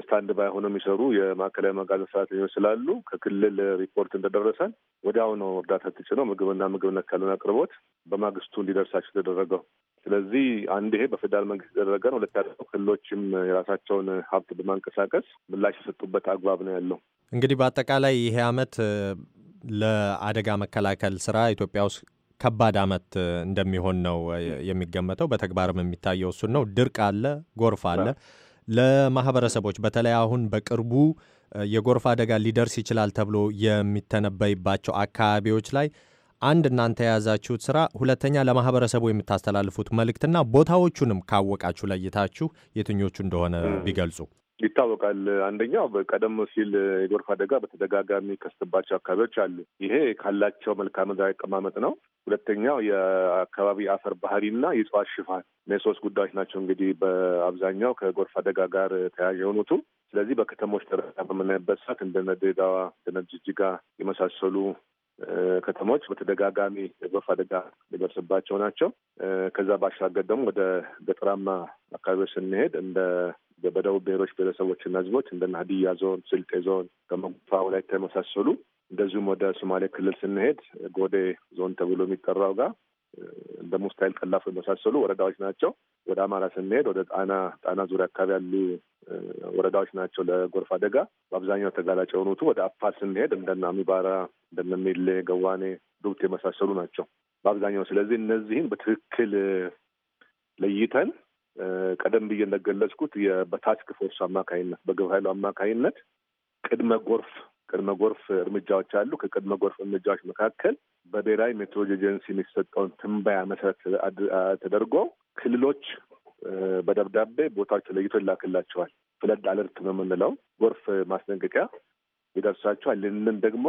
ስታንድ ባይ ሆነው የሚሰሩ የማዕከላዊ መጋዘን ሰራተኞች ስላሉ ከክልል ሪፖርት እንደደረሰን ወዲያው ነው እርዳታ ተጭነው ምግብና ምግብ ነክ ያልሆነ አቅርቦት በማግስቱ እንዲደርሳቸው የተደረገው። ስለዚህ አንድ ይሄ በፌዴራል መንግስት የተደረገ ነው። ሁለት ያለው ክልሎችም የራሳቸውን ሀብት በማንቀሳቀስ ምላሽ የሰጡበት አግባብ ነው ያለው። እንግዲህ በአጠቃላይ ይሄ አመት ለአደጋ መከላከል ስራ ኢትዮጵያ ውስጥ ከባድ አመት እንደሚሆን ነው የሚገመተው። በተግባርም የሚታየው እሱን ነው። ድርቅ አለ፣ ጎርፍ አለ ለማህበረሰቦች በተለይ አሁን በቅርቡ የጎርፍ አደጋ ሊደርስ ይችላል ተብሎ የሚተነበይባቸው አካባቢዎች ላይ አንድ እናንተ የያዛችሁት ስራ፣ ሁለተኛ ለማህበረሰቡ የምታስተላልፉት መልእክትና ቦታዎቹንም ካወቃችሁ ለይታችሁ የትኞቹ እንደሆነ ቢገልጹ። ይታወቃል። አንደኛው በቀደም ሲል የጎርፍ አደጋ በተደጋጋሚ ከስትባቸው አካባቢዎች አሉ። ይሄ ካላቸው መልክዓ ምድራዊ አቀማመጥ ነው። ሁለተኛው የአካባቢ አፈር ባህሪና የእጽዋት ሽፋን እነዚህ ሶስት ጉዳዮች ናቸው እንግዲህ በአብዛኛው ከጎርፍ አደጋ ጋር ተያያዥ የሆኑቱ። ስለዚህ በከተሞች ደረጃ በምናይበት ሰዓት እንደነ ድሬዳዋ፣ እንደነ ጅጅጋ የመሳሰሉ ከተሞች በተደጋጋሚ የጎርፍ አደጋ ሊደርስባቸው ናቸው። ከዛ ባሻገር ደግሞ ወደ ገጠራማ አካባቢዎች ስንሄድ እንደ በደቡብ ብሔሮች ብሔረሰቦችና ህዝቦች እንደ ሀዲያ ዞን፣ ስልጤ ዞን፣ ጋሞጎፋ፣ ወላይታ የመሳሰሉ እንደዚሁም ወደ ሶማሌ ክልል ስንሄድ ጎዴ ዞን ተብሎ የሚጠራው ጋር እንደ ሙስታይል ቀላፎ የመሳሰሉ ወረዳዎች ናቸው። ወደ አማራ ስንሄድ ወደ ጣና ጣና ዙሪያ አካባቢ ያሉ ወረዳዎች ናቸው ለጎርፍ አደጋ በአብዛኛው ተጋላጭ የሆኑቱ። ወደ አፋር ስንሄድ እንደነ አሚባራ፣ እንደነ ሜሌ፣ ገዋኔ፣ ዱብት የመሳሰሉ ናቸው በአብዛኛው። ስለዚህ እነዚህን በትክክል ለይተን ቀደም ብዬ እንደገለጽኩት በታስክ ፎርስ አማካኝነት በግብረ ኃይሉ አማካኝነት ቅድመ ጎርፍ ቅድመ ጎርፍ እርምጃዎች አሉ። ከቅድመ ጎርፍ እርምጃዎች መካከል በብሔራዊ ሜትሮሎጂ ኤጀንሲ የሚሰጠውን ትንበያ መሰረት ተደርጎ ክልሎች በደብዳቤ ቦታዎች ተለይቶ ይላክላቸዋል። ፍለድ አለርት ነው የምንለው ጎርፍ ማስጠንቀቂያ ይደርሳቸዋል። ይህንን ደግሞ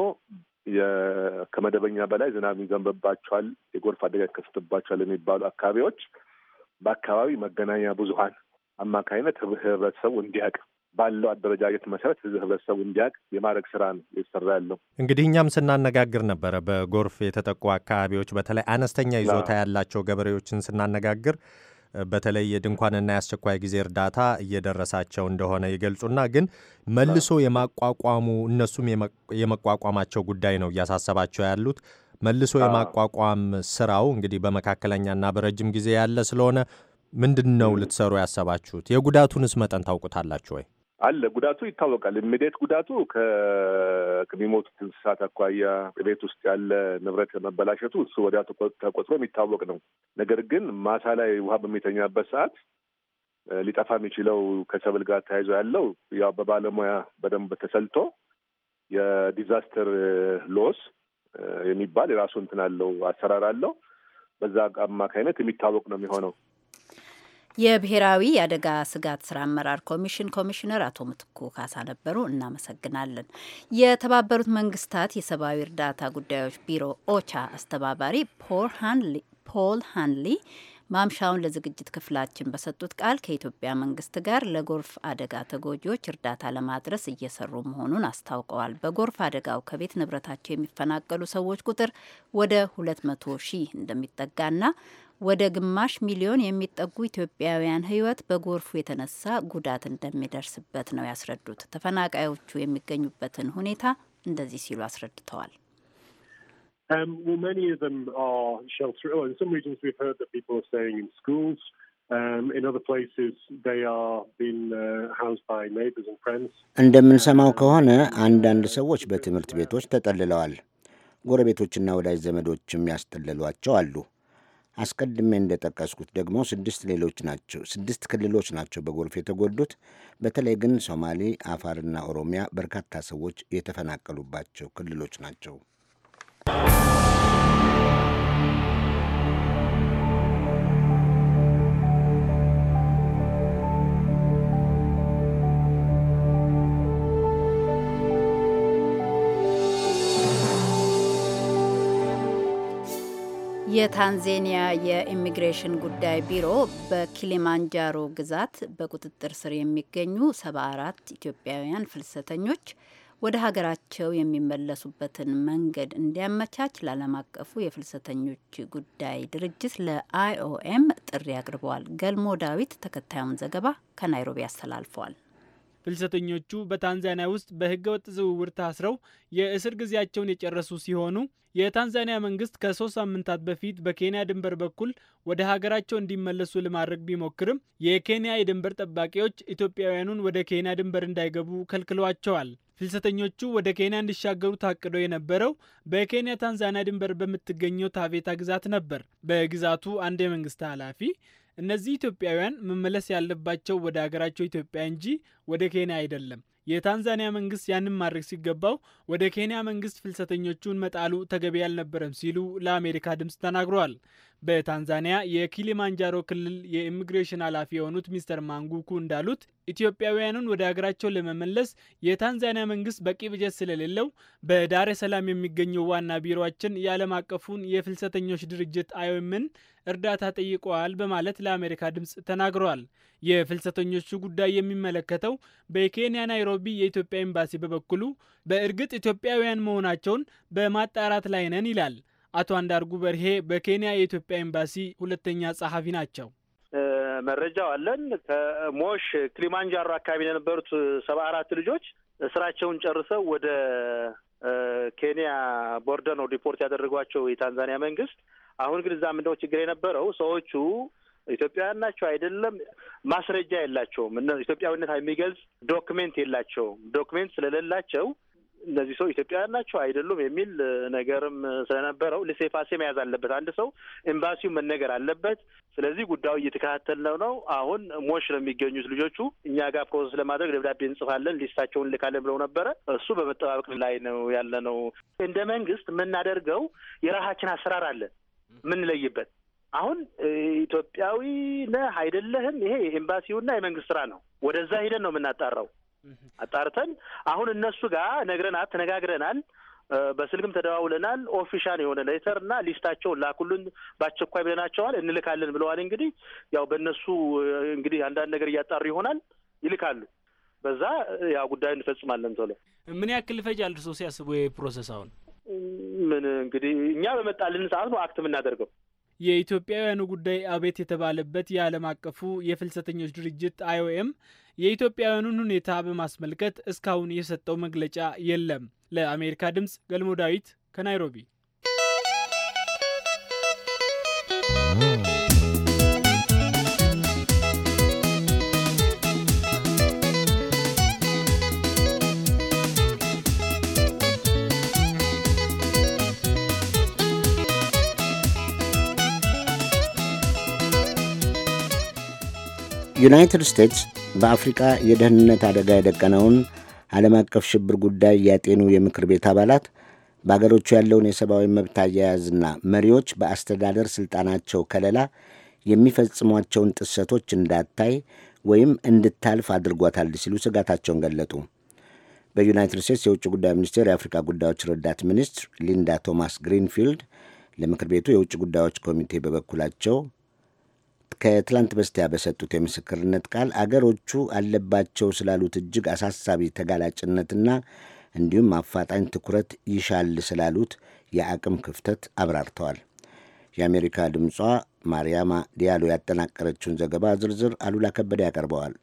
ከመደበኛ በላይ ዝናብ ይዘንብባቸዋል፣ የጎርፍ አደጋ ይከሰትባቸዋል የሚባሉ አካባቢዎች በአካባቢ መገናኛ ብዙሀን አማካኝነት ህብረተሰቡ እንዲያውቅ ባለው አደረጃጀት መሰረት ህብረተሰቡ እንዲያውቅ የማድረግ ስራ ነው የተሰራ ያለው። እንግዲህ እኛም ስናነጋግር ነበረ በጎርፍ የተጠቁ አካባቢዎች በተለይ አነስተኛ ይዞታ ያላቸው ገበሬዎችን ስናነጋግር በተለይ የድንኳንና የአስቸኳይ ጊዜ እርዳታ እየደረሳቸው እንደሆነ ይገልጹና ግን መልሶ የማቋቋሙ እነሱም የመቋቋማቸው ጉዳይ ነው እያሳሰባቸው ያሉት። መልሶ የማቋቋም ስራው እንግዲህ በመካከለኛና በረጅም ጊዜ ያለ ስለሆነ ምንድን ነው ልትሰሩ ያሰባችሁት? የጉዳቱንስ መጠን ታውቁታላችሁ ወይ? አለ ጉዳቱ ይታወቃል። ኢሚዲየት ጉዳቱ ከሚሞቱት እንስሳት አኳያ ቤት ውስጥ ያለ ንብረት መበላሸቱ እሱ ወዲያ ተቆጥሮ የሚታወቅ ነው። ነገር ግን ማሳ ላይ ውሃ በሚተኛበት ሰዓት ሊጠፋ የሚችለው ከሰብል ጋር ተያይዞ ያለው ያው በባለሙያ በደንብ ተሰልቶ የዲዛስተር ሎስ የሚባል የራሱ እንትን አለው አሰራር አለው። በዛ አማካይነት የሚታወቅ ነው የሚሆነው። የብሔራዊ የአደጋ ስጋት ስራ አመራር ኮሚሽን ኮሚሽነር አቶ ምትኩ ካሳ ነበሩ። እናመሰግናለን። የተባበሩት መንግስታት የሰብአዊ እርዳታ ጉዳዮች ቢሮ ኦቻ አስተባባሪ ፖል ሃንሊ ማምሻውን ለዝግጅት ክፍላችን በሰጡት ቃል ከኢትዮጵያ መንግስት ጋር ለጎርፍ አደጋ ተጎጂዎች እርዳታ ለማድረስ እየሰሩ መሆኑን አስታውቀዋል። በጎርፍ አደጋው ከቤት ንብረታቸው የሚፈናቀሉ ሰዎች ቁጥር ወደ 200 ሺህ እንደሚጠጋና ወደ ግማሽ ሚሊዮን የሚጠጉ ኢትዮጵያውያን ህይወት በጎርፉ የተነሳ ጉዳት እንደሚደርስበት ነው ያስረዱት። ተፈናቃዮቹ የሚገኙበትን ሁኔታ እንደዚህ ሲሉ አስረድተዋል። Um, well, many of them are shelter. Well, in some regions, we've heard that people are staying in schools. Um, in other places, they are being uh, housed by neighbors and friends. እንደምንሰማው ከሆነ አንዳንድ ሰዎች በትምህርት ቤቶች ተጠልለዋል። ጎረቤቶችና ወዳጅ ዘመዶችም ያስጠለሏቸው አሉ። አስቀድሜ እንደጠቀስኩት ደግሞ ስድስት ሌሎች ናቸው ስድስት ክልሎች ናቸው በጎርፍ የተጎዱት። በተለይ ግን ሶማሌ፣ አፋርና ኦሮሚያ በርካታ ሰዎች የተፈናቀሉባቸው ክልሎች ናቸው። የታንዜኒያ የኢሚግሬሽን ጉዳይ ቢሮ በኪሊማንጃሮ ግዛት በቁጥጥር ስር የሚገኙ 74 ኢትዮጵያውያን ፍልሰተኞች ወደ ሀገራቸው የሚመለሱበትን መንገድ እንዲያመቻች ለዓለም አቀፉ የፍልሰተኞች ጉዳይ ድርጅት ለአይኦኤም ጥሪ አቅርበዋል። ገልሞ ዳዊት ተከታዩን ዘገባ ከናይሮቢ አስተላልፈዋል። ፍልሰተኞቹ በታንዛኒያ ውስጥ በህገወጥ ዝውውር ታስረው የእስር ጊዜያቸውን የጨረሱ ሲሆኑ የታንዛኒያ መንግስት ከሶስት ሳምንታት በፊት በኬንያ ድንበር በኩል ወደ ሀገራቸው እንዲመለሱ ለማድረግ ቢሞክርም የኬንያ የድንበር ጠባቂዎች ኢትዮጵያውያኑን ወደ ኬንያ ድንበር እንዳይገቡ ከልክሏቸዋል። ፍልሰተኞቹ ወደ ኬንያ እንዲሻገሩ ታቅዶ የነበረው በኬንያ ታንዛኒያ ድንበር በምትገኘው ታቬታ ግዛት ነበር። በግዛቱ አንድ የመንግስት ኃላፊ እነዚህ ኢትዮጵያውያን መመለስ ያለባቸው ወደ ሀገራቸው ኢትዮጵያ እንጂ ወደ ኬንያ አይደለም። የታንዛኒያ መንግስት ያንን ማድረግ ሲገባው ወደ ኬንያ መንግስት ፍልሰተኞቹን መጣሉ ተገቢ አልነበረም ሲሉ ለአሜሪካ ድምፅ ተናግረዋል። በታንዛኒያ የኪሊማንጃሮ ክልል የኢሚግሬሽን ኃላፊ የሆኑት ሚስተር ማንጉኩ እንዳሉት ኢትዮጵያውያኑን ወደ ሀገራቸው ለመመለስ የታንዛኒያ መንግስት በቂ በጀት ስለሌለው በዳሬ ሰላም የሚገኘው ዋና ቢሮችን የዓለም አቀፉን የፍልሰተኞች ድርጅት አይኦኤምን እርዳታ ጠይቀዋል በማለት ለአሜሪካ ድምፅ ተናግረዋል። የፍልሰተኞቹ ጉዳይ የሚመለከተው በኬንያ ናይሮቢ የኢትዮጵያ ኤምባሲ በበኩሉ በእርግጥ ኢትዮጵያውያን መሆናቸውን በማጣራት ላይ ነን ይላል። አቶ አንዳርጉ በርሄ በኬንያ የኢትዮጵያ ኤምባሲ ሁለተኛ ጸሐፊ ናቸው። መረጃው አለን። ከሞሽ ክሊማንጃሮ አካባቢ የነበሩት ሰባ አራት ልጆች ስራቸውን ጨርሰው ወደ ኬንያ ቦርደር ነው ሪፖርት ያደረጓቸው የታንዛኒያ መንግስት። አሁን ግን እዛ ምንድነው ችግር የነበረው ሰዎቹ ኢትዮጵያውያን ናቸው አይደለም፣ ማስረጃ የላቸውም። ኢትዮጵያዊነት የሚገልጽ ዶክሜንት የላቸውም። ዶክሜንት ስለሌላቸው እነዚህ ሰው ኢትዮጵያውያን ናቸው አይደሉም የሚል ነገርም ስለነበረው ልሴፋሴ መያዝ አለበት። አንድ ሰው ኤምባሲው መነገር አለበት። ስለዚህ ጉዳዩ እየተከታተልነው ነው። አሁን ሞሽ ነው የሚገኙት ልጆቹ። እኛ ጋር ፕሮሰስ ለማድረግ ደብዳቤ እንጽፋለን፣ ሊስታቸውን ልካለን ብለው ነበረ። እሱ በመጠባበቅ ላይ ነው ያለ ነው። እንደ መንግስት የምናደርገው የራሳችን አሰራር አለ የምንለይበት። አሁን ኢትዮጵያዊ ነህ አይደለህም፣ ይሄ የኤምባሲውና የመንግስት ስራ ነው። ወደዛ ሂደን ነው የምናጣራው። አጣርተን አሁን እነሱ ጋር ነግረናት ተነጋግረናል። በስልክም ተደዋውለናል። ኦፊሻል የሆነ ሌተር እና ሊስታቸውን ላኩልን በአስቸኳይ ብለናቸዋል። እንልካለን ብለዋል። እንግዲህ ያው በእነሱ እንግዲህ አንዳንድ ነገር እያጣሩ ይሆናል ይልካሉ። በዛ ያ ጉዳዩ እንፈጽማለን። ቶሎ ምን ያክል ፈጃል እርስዎ ሲያስቡ ፕሮሰስ? አሁን ምን እንግዲህ እኛ በመጣልን ሰዓት ነው አክት የምናደርገው። የኢትዮጵያውያኑ ጉዳይ አቤት የተባለበት የዓለም አቀፉ የፍልሰተኞች ድርጅት አይኦኤም የኢትዮጵያውያኑን ሁኔታ በማስመልከት እስካሁን የሰጠው መግለጫ የለም። ለአሜሪካ ድምፅ ገልሞ ዳዊት ከናይሮቢ ዩናይትድ ስቴትስ በአፍሪቃ የደህንነት አደጋ የደቀነውን ዓለም አቀፍ ሽብር ጉዳይ ያጤኑ የምክር ቤት አባላት በአገሮቹ ያለውን የሰብአዊ መብት አያያዝና መሪዎች በአስተዳደር ሥልጣናቸው ከለላ የሚፈጽሟቸውን ጥሰቶች እንዳታይ ወይም እንድታልፍ አድርጓታል ሲሉ ስጋታቸውን ገለጡ። በዩናይትድ ስቴትስ የውጭ ጉዳይ ሚኒስቴር የአፍሪካ ጉዳዮች ረዳት ሚኒስትር ሊንዳ ቶማስ ግሪንፊልድ ለምክር ቤቱ የውጭ ጉዳዮች ኮሚቴ በበኩላቸው ከትላንት በስቲያ በሰጡት የምስክርነት ቃል አገሮቹ አለባቸው ስላሉት እጅግ አሳሳቢ ተጋላጭነትና እንዲሁም አፋጣኝ ትኩረት ይሻል ስላሉት የአቅም ክፍተት አብራርተዋል። የአሜሪካ ድምጿ ማርያማ ዲያሎ ያጠናቀረችውን ዘገባ ዝርዝር አሉላ ከበደ ያቀርበዋል።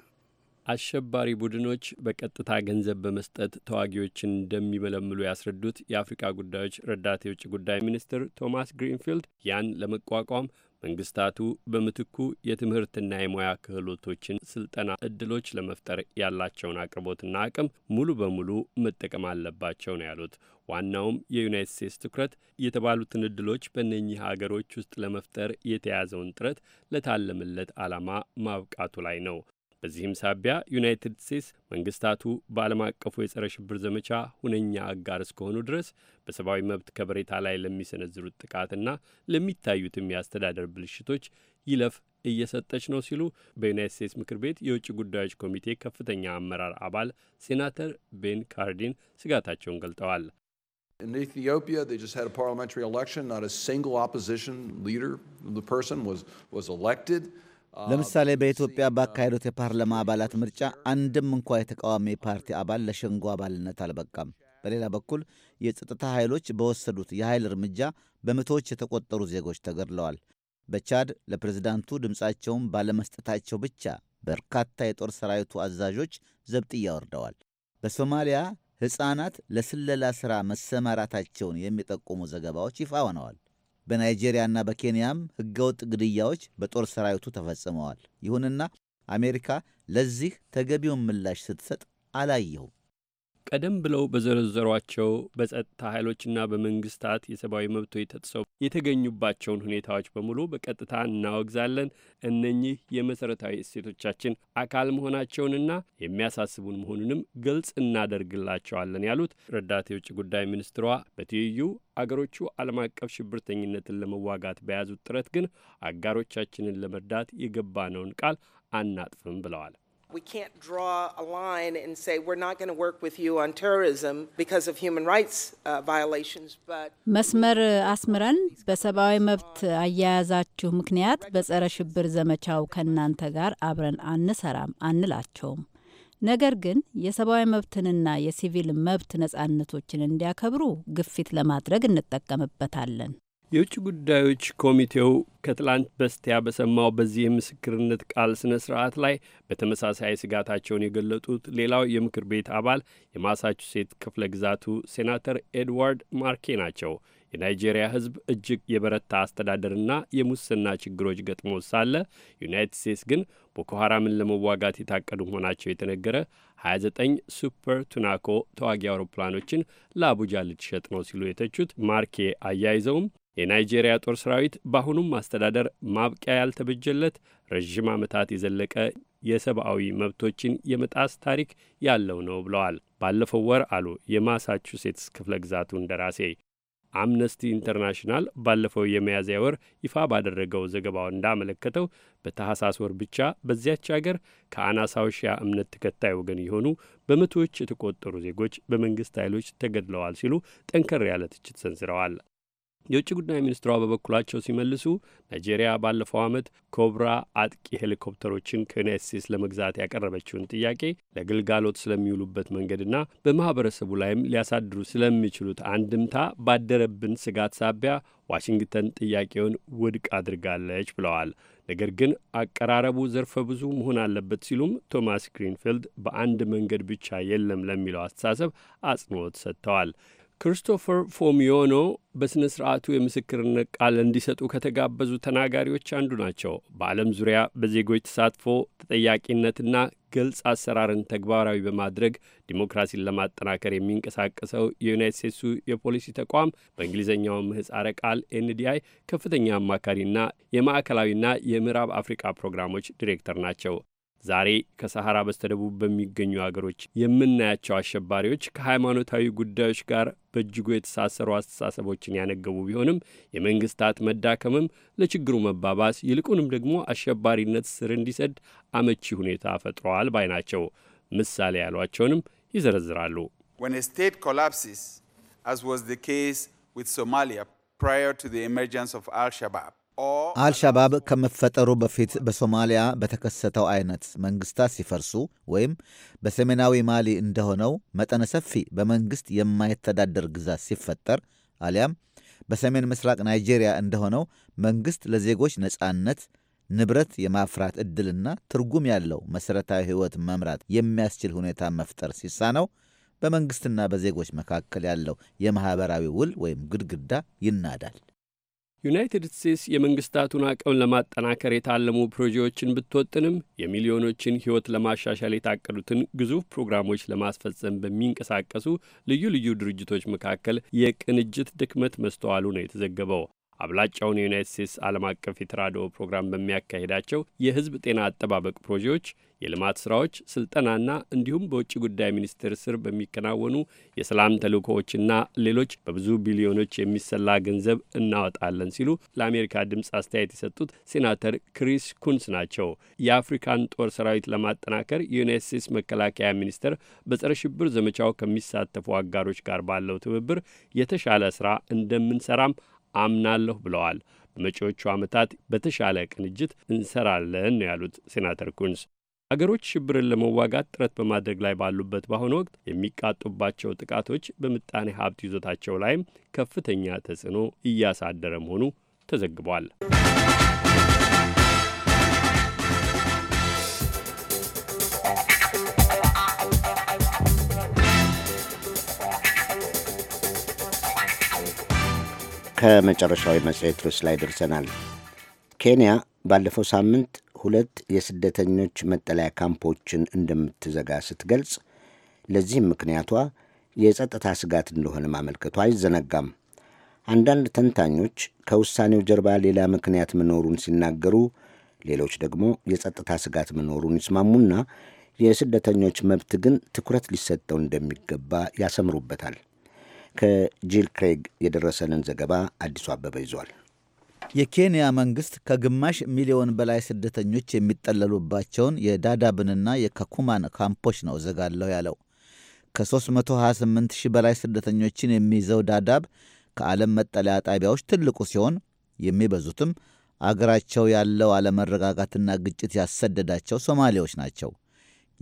አሸባሪ ቡድኖች በቀጥታ ገንዘብ በመስጠት ተዋጊዎችን እንደሚመለምሉ ያስረዱት የአፍሪካ ጉዳዮች ረዳት የውጭ ጉዳይ ሚኒስትር ቶማስ ግሪንፊልድ ያን ለመቋቋም መንግስታቱ በምትኩ የትምህርትና የሙያ ክህሎቶችን ስልጠና እድሎች ለመፍጠር ያላቸውን አቅርቦትና አቅም ሙሉ በሙሉ መጠቀም አለባቸው ነው ያሉት። ዋናውም የዩናይትድ ስቴትስ ትኩረት የተባሉትን እድሎች በእነኚህ ሀገሮች ውስጥ ለመፍጠር የተያዘውን ጥረት ለታለመለት ዓላማ ማብቃቱ ላይ ነው። በዚህም ሳቢያ ዩናይትድ ስቴትስ መንግስታቱ በዓለም አቀፉ የጸረ ሽብር ዘመቻ ሁነኛ አጋር እስከሆኑ ድረስ በሰብአዊ መብት ከበሬታ ላይ ለሚሰነዝሩት ጥቃትና ለሚታዩትም የአስተዳደር ብልሽቶች ይለፍ እየሰጠች ነው ሲሉ በዩናይት ስቴትስ ምክር ቤት የውጭ ጉዳዮች ኮሚቴ ከፍተኛ አመራር አባል ሴናተር ቤን ካርዲን ስጋታቸውን ገልጠዋል። In Ethiopia, they just had a parliamentary election. Not a single opposition leader, the person was was elected. ለምሳሌ በኢትዮጵያ ባካሄዱት የፓርላማ አባላት ምርጫ አንድም እንኳ የተቃዋሚ ፓርቲ አባል ለሸንጎ አባልነት አልበቃም። በሌላ በኩል የጸጥታ ኃይሎች በወሰዱት የኃይል እርምጃ በመቶዎች የተቆጠሩ ዜጎች ተገድለዋል። በቻድ ለፕሬዝዳንቱ ድምፃቸውን ባለመስጠታቸው ብቻ በርካታ የጦር ሰራዊቱ አዛዦች ዘብጥያ ወርደዋል። በሶማሊያ ሕፃናት ለስለላ ሥራ መሰማራታቸውን የሚጠቁሙ ዘገባዎች ይፋ ሆነዋል። በናይጄሪያና በኬንያም ህገወጥ ግድያዎች በጦር ሰራዊቱ ተፈጽመዋል። ይሁንና አሜሪካ ለዚህ ተገቢውን ምላሽ ስትሰጥ አላየሁም። ቀደም ብለው በዘረዘሯቸው በጸጥታ ኃይሎችና በመንግስታት የሰብአዊ መብቶች ተጥሰው የተገኙባቸውን ሁኔታዎች በሙሉ በቀጥታ እናወግዛለን። እነኚህ የመሠረታዊ እሴቶቻችን አካል መሆናቸውንና የሚያሳስቡን መሆኑንም ግልጽ እናደርግላቸዋለን ያሉት ረዳት የውጭ ጉዳይ ሚኒስትሯ በትይዩ አገሮቹ ዓለም አቀፍ ሽብርተኝነትን ለመዋጋት በያዙት ጥረት ግን አጋሮቻችንን ለመርዳት የገባነውን ቃል አናጥፍም ብለዋል። we can't draw a line and say we're not going to work with you on terrorism because of human rights uh, violations but መስመር አስምረን በሰብአዊ መብት አያያዛችሁ ምክንያት በጸረ ሽብር ዘመቻው ከእናንተ ጋር አብረን አንሰራም አንላቸውም። ነገር ግን የሰብአዊ መብትንና የሲቪል መብት ነጻነቶችን እንዲያከብሩ ግፊት ለማድረግ እንጠቀምበታለን። የውጭ ጉዳዮች ኮሚቴው ከትላንት በስቲያ በሰማው በዚህ የምስክርነት ቃል ስነ ስርዓት ላይ በተመሳሳይ ስጋታቸውን የገለጡት ሌላው የምክር ቤት አባል የማሳቹሴት ክፍለ ግዛቱ ሴናተር ኤድዋርድ ማርኬ ናቸው። የናይጄሪያ ሕዝብ እጅግ የበረታ አስተዳደርና የሙስና ችግሮች ገጥሞ ሳለ ዩናይትድ ስቴትስ ግን ቦኮ ለመዋጋት የታቀዱ መሆናቸው የተነገረ 29 ሱፐር ቱናኮ ተዋጊ አውሮፕላኖችን ለአቡጃ ልትሸጥ ነው ሲሉ የተቹት ማርኬ አያይዘውም የናይጄሪያ ጦር ሰራዊት በአሁኑም አስተዳደር ማብቂያ ያልተበጀለት ረዥም ዓመታት የዘለቀ የሰብአዊ መብቶችን የመጣስ ታሪክ ያለው ነው ብለዋል። ባለፈው ወር አሉ የማሳቹሴትስ ክፍለ ግዛቱ እንደራሴ። አምነስቲ ኢንተርናሽናል ባለፈው የሚያዝያ ወር ይፋ ባደረገው ዘገባው እንዳመለከተው በታህሳስ ወር ብቻ በዚያች አገር ከአናሳው ሺያ እምነት ተከታይ ወገን የሆኑ በመቶዎች የተቆጠሩ ዜጎች በመንግሥት ኃይሎች ተገድለዋል ሲሉ ጠንከር ያለ ትችት ሰንዝረዋል። የውጭ ጉዳይ ሚኒስትሯ በበኩላቸው ሲመልሱ ናይጄሪያ ባለፈው ዓመት ኮብራ አጥቂ ሄሊኮፕተሮችን ከዩናይት ስቴትስ ለመግዛት ያቀረበችውን ጥያቄ ለግልጋሎት ስለሚውሉበት መንገድና በማኅበረሰቡ ላይም ሊያሳድሩ ስለሚችሉት አንድምታ ባደረብን ስጋት ሳቢያ ዋሽንግተን ጥያቄውን ውድቅ አድርጋለች ብለዋል። ነገር ግን አቀራረቡ ዘርፈ ብዙ መሆን አለበት ሲሉም ቶማስ ግሪንፊልድ በአንድ መንገድ ብቻ የለም ለሚለው አስተሳሰብ አጽንዖት ሰጥተዋል። ክርስቶፈር ፎሚዮኖ በሥነ ሥርዓቱ የምስክርነት ቃል እንዲሰጡ ከተጋበዙ ተናጋሪዎች አንዱ ናቸው። በዓለም ዙሪያ በዜጎች ተሳትፎ ተጠያቂነትና ግልጽ አሰራርን ተግባራዊ በማድረግ ዲሞክራሲን ለማጠናከር የሚንቀሳቀሰው የዩናይት ስቴትሱ የፖሊሲ ተቋም በእንግሊዝኛው ምህጻረ ቃል ኤንዲአይ ከፍተኛ አማካሪና የማዕከላዊና የምዕራብ አፍሪቃ ፕሮግራሞች ዲሬክተር ናቸው። ዛሬ ከሰሐራ በስተደቡብ በሚገኙ አገሮች የምናያቸው አሸባሪዎች ከሃይማኖታዊ ጉዳዮች ጋር በእጅጉ የተሳሰሩ አስተሳሰቦችን ያነገቡ ቢሆንም የመንግስታት መዳከምም ለችግሩ መባባስ ይልቁንም ደግሞ አሸባሪነት ስር እንዲሰድ አመቺ ሁኔታ ፈጥረዋል ባይ ናቸው። ምሳሌ ያሏቸውንም ይዘረዝራሉ። When a state collapses, as was the case with አልሻባብ ከመፈጠሩ በፊት በሶማሊያ በተከሰተው አይነት መንግስታት ሲፈርሱ ወይም በሰሜናዊ ማሊ እንደሆነው መጠነ ሰፊ በመንግስት የማይተዳደር ግዛት ሲፈጠር አሊያም በሰሜን ምስራቅ ናይጄሪያ እንደሆነው መንግስት ለዜጎች ነጻነት፣ ንብረት የማፍራት ዕድልና ትርጉም ያለው መሠረታዊ ሕይወት መምራት የሚያስችል ሁኔታ መፍጠር ሲሳነው በመንግስትና በዜጎች መካከል ያለው የማኅበራዊ ውል ወይም ግድግዳ ይናዳል። ዩናይትድ ስቴትስ የመንግስታቱን አቅም ለማጠናከር የታለሙ ፕሮጀዎችን ብትወጥንም የሚሊዮኖችን ሕይወት ለማሻሻል የታቀዱትን ግዙፍ ፕሮግራሞች ለማስፈጸም በሚንቀሳቀሱ ልዩ ልዩ ድርጅቶች መካከል የቅንጅት ድክመት መስተዋሉ ነው የተዘገበው። አብላጫውን የዩናይት ስቴትስ ዓለም አቀፍ የተራድኦ ፕሮግራም በሚያካሂዳቸው የህዝብ ጤና አጠባበቅ ፕሮጀዎች፣ የልማት ሥራዎች፣ ስልጠናና እንዲሁም በውጭ ጉዳይ ሚኒስቴር ስር በሚከናወኑ የሰላም ተልእኮዎችና ሌሎች በብዙ ቢሊዮኖች የሚሰላ ገንዘብ እናወጣለን ሲሉ ለአሜሪካ ድምፅ አስተያየት የሰጡት ሴናተር ክሪስ ኩንስ ናቸው። የአፍሪካን ጦር ሰራዊት ለማጠናከር የዩናይት ስቴትስ መከላከያ ሚኒስቴር በጸረ ሽብር ዘመቻው ከሚሳተፉ አጋሮች ጋር ባለው ትብብር የተሻለ ስራ እንደምንሰራም አምናለሁ ብለዋል። በመጪዎቹ ዓመታት በተሻለ ቅንጅት እንሰራለን ነው ያሉት ሴናተር ኩንስ። አገሮች ሽብርን ለመዋጋት ጥረት በማድረግ ላይ ባሉበት በአሁኑ ወቅት የሚቃጡባቸው ጥቃቶች በምጣኔ ሀብት ይዞታቸው ላይም ከፍተኛ ተጽዕኖ እያሳደረ መሆኑ ተዘግቧል። ከመጨረሻዊ መጽሔት ርዕስ ላይ ደርሰናል። ኬንያ ባለፈው ሳምንት ሁለት የስደተኞች መጠለያ ካምፖችን እንደምትዘጋ ስትገልጽ ለዚህም ምክንያቷ የጸጥታ ስጋት እንደሆነ ማመልከቷ አይዘነጋም። አንዳንድ ተንታኞች ከውሳኔው ጀርባ ሌላ ምክንያት መኖሩን ሲናገሩ፣ ሌሎች ደግሞ የጸጥታ ስጋት መኖሩን ይስማሙና የስደተኞች መብት ግን ትኩረት ሊሰጠው እንደሚገባ ያሰምሩበታል። ከጂል ክሬግ የደረሰንን ዘገባ አዲሱ አበበ ይዟል። የኬንያ መንግሥት ከግማሽ ሚሊዮን በላይ ስደተኞች የሚጠለሉባቸውን የዳዳብንና የከኩማን ካምፖች ነው ዘጋለሁ ያለው። ከ328 ሺህ በላይ ስደተኞችን የሚይዘው ዳዳብ ከዓለም መጠለያ ጣቢያዎች ትልቁ ሲሆን የሚበዙትም አገራቸው ያለው አለመረጋጋትና ግጭት ያሰደዳቸው ሶማሌዎች ናቸው።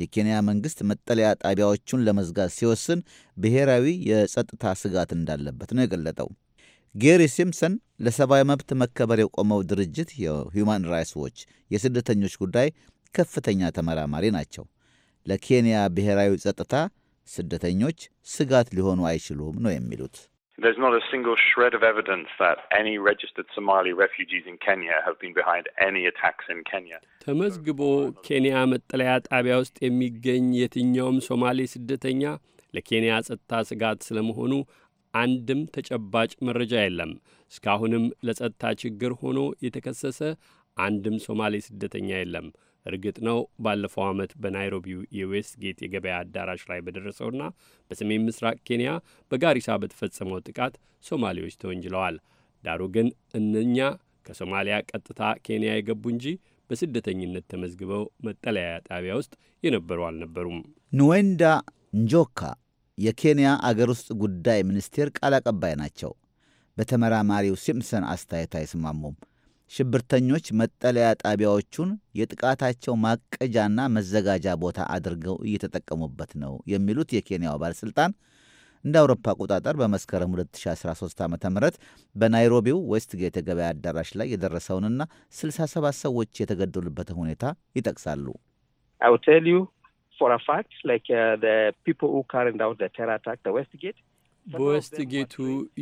የኬንያ መንግሥት መጠለያ ጣቢያዎቹን ለመዝጋት ሲወስን ብሔራዊ የጸጥታ ስጋት እንዳለበት ነው የገለጠው። ጌሪ ሲምፕሰን ለሰብአዊ መብት መከበር የቆመው ድርጅት የሁማን ራይትስ ዎች የስደተኞች ጉዳይ ከፍተኛ ተመራማሪ ናቸው። ለኬንያ ብሔራዊ ጸጥታ ስደተኞች ስጋት ሊሆኑ አይችሉም ነው የሚሉት። There's not a single shred of evidence that any registered Somali refugees in Kenya have been behind any attacks in Kenya. ተመዝግቦ ኬንያ መጠለያ ጣቢያ ውስጥ የሚገኝ የትኛውም ሶማሌ ስደተኛ ለኬንያ ጸጥታ ስጋት ስለመሆኑ አንድም ተጨባጭ መረጃ የለም። እስካሁንም ለጸጥታ ችግር ሆኖ የተከሰሰ አንድም ሶማሌ ስደተኛ የለም። እርግጥ ነው ባለፈው ዓመት በናይሮቢው ጌት የገበያ አዳራሽ ላይ በደረሰውና በሰሜን ምስራቅ ኬንያ በጋሪሳ በተፈጸመው ጥቃት ሶማሌዎች ተወንጅለዋል። ዳሩ ግን እነኛ ከሶማሊያ ቀጥታ ኬንያ የገቡ እንጂ በስደተኝነት ተመዝግበው መጠለያ ጣቢያ ውስጥ የነበሩ አልነበሩም። ንዌንዳ ንጆካ የኬንያ አገር ውስጥ ጉዳይ ሚኒስቴር ቃል አቀባይ ናቸው። በተመራማሪው ሲምፕሰን አስተያየት አይስማሙም። ሽብርተኞች መጠለያ ጣቢያዎቹን የጥቃታቸው ማቀጃና መዘጋጃ ቦታ አድርገው እየተጠቀሙበት ነው የሚሉት የኬንያው ባለሥልጣን እንደ አውሮፓ አቆጣጠር በመስከረም 2013 ዓ ም በናይሮቢው ዌስትጌት የገበያ አዳራሽ ላይ የደረሰውንና 67 ሰዎች የተገደሉበትን ሁኔታ ይጠቅሳሉ። uh, በዌስትጌቱ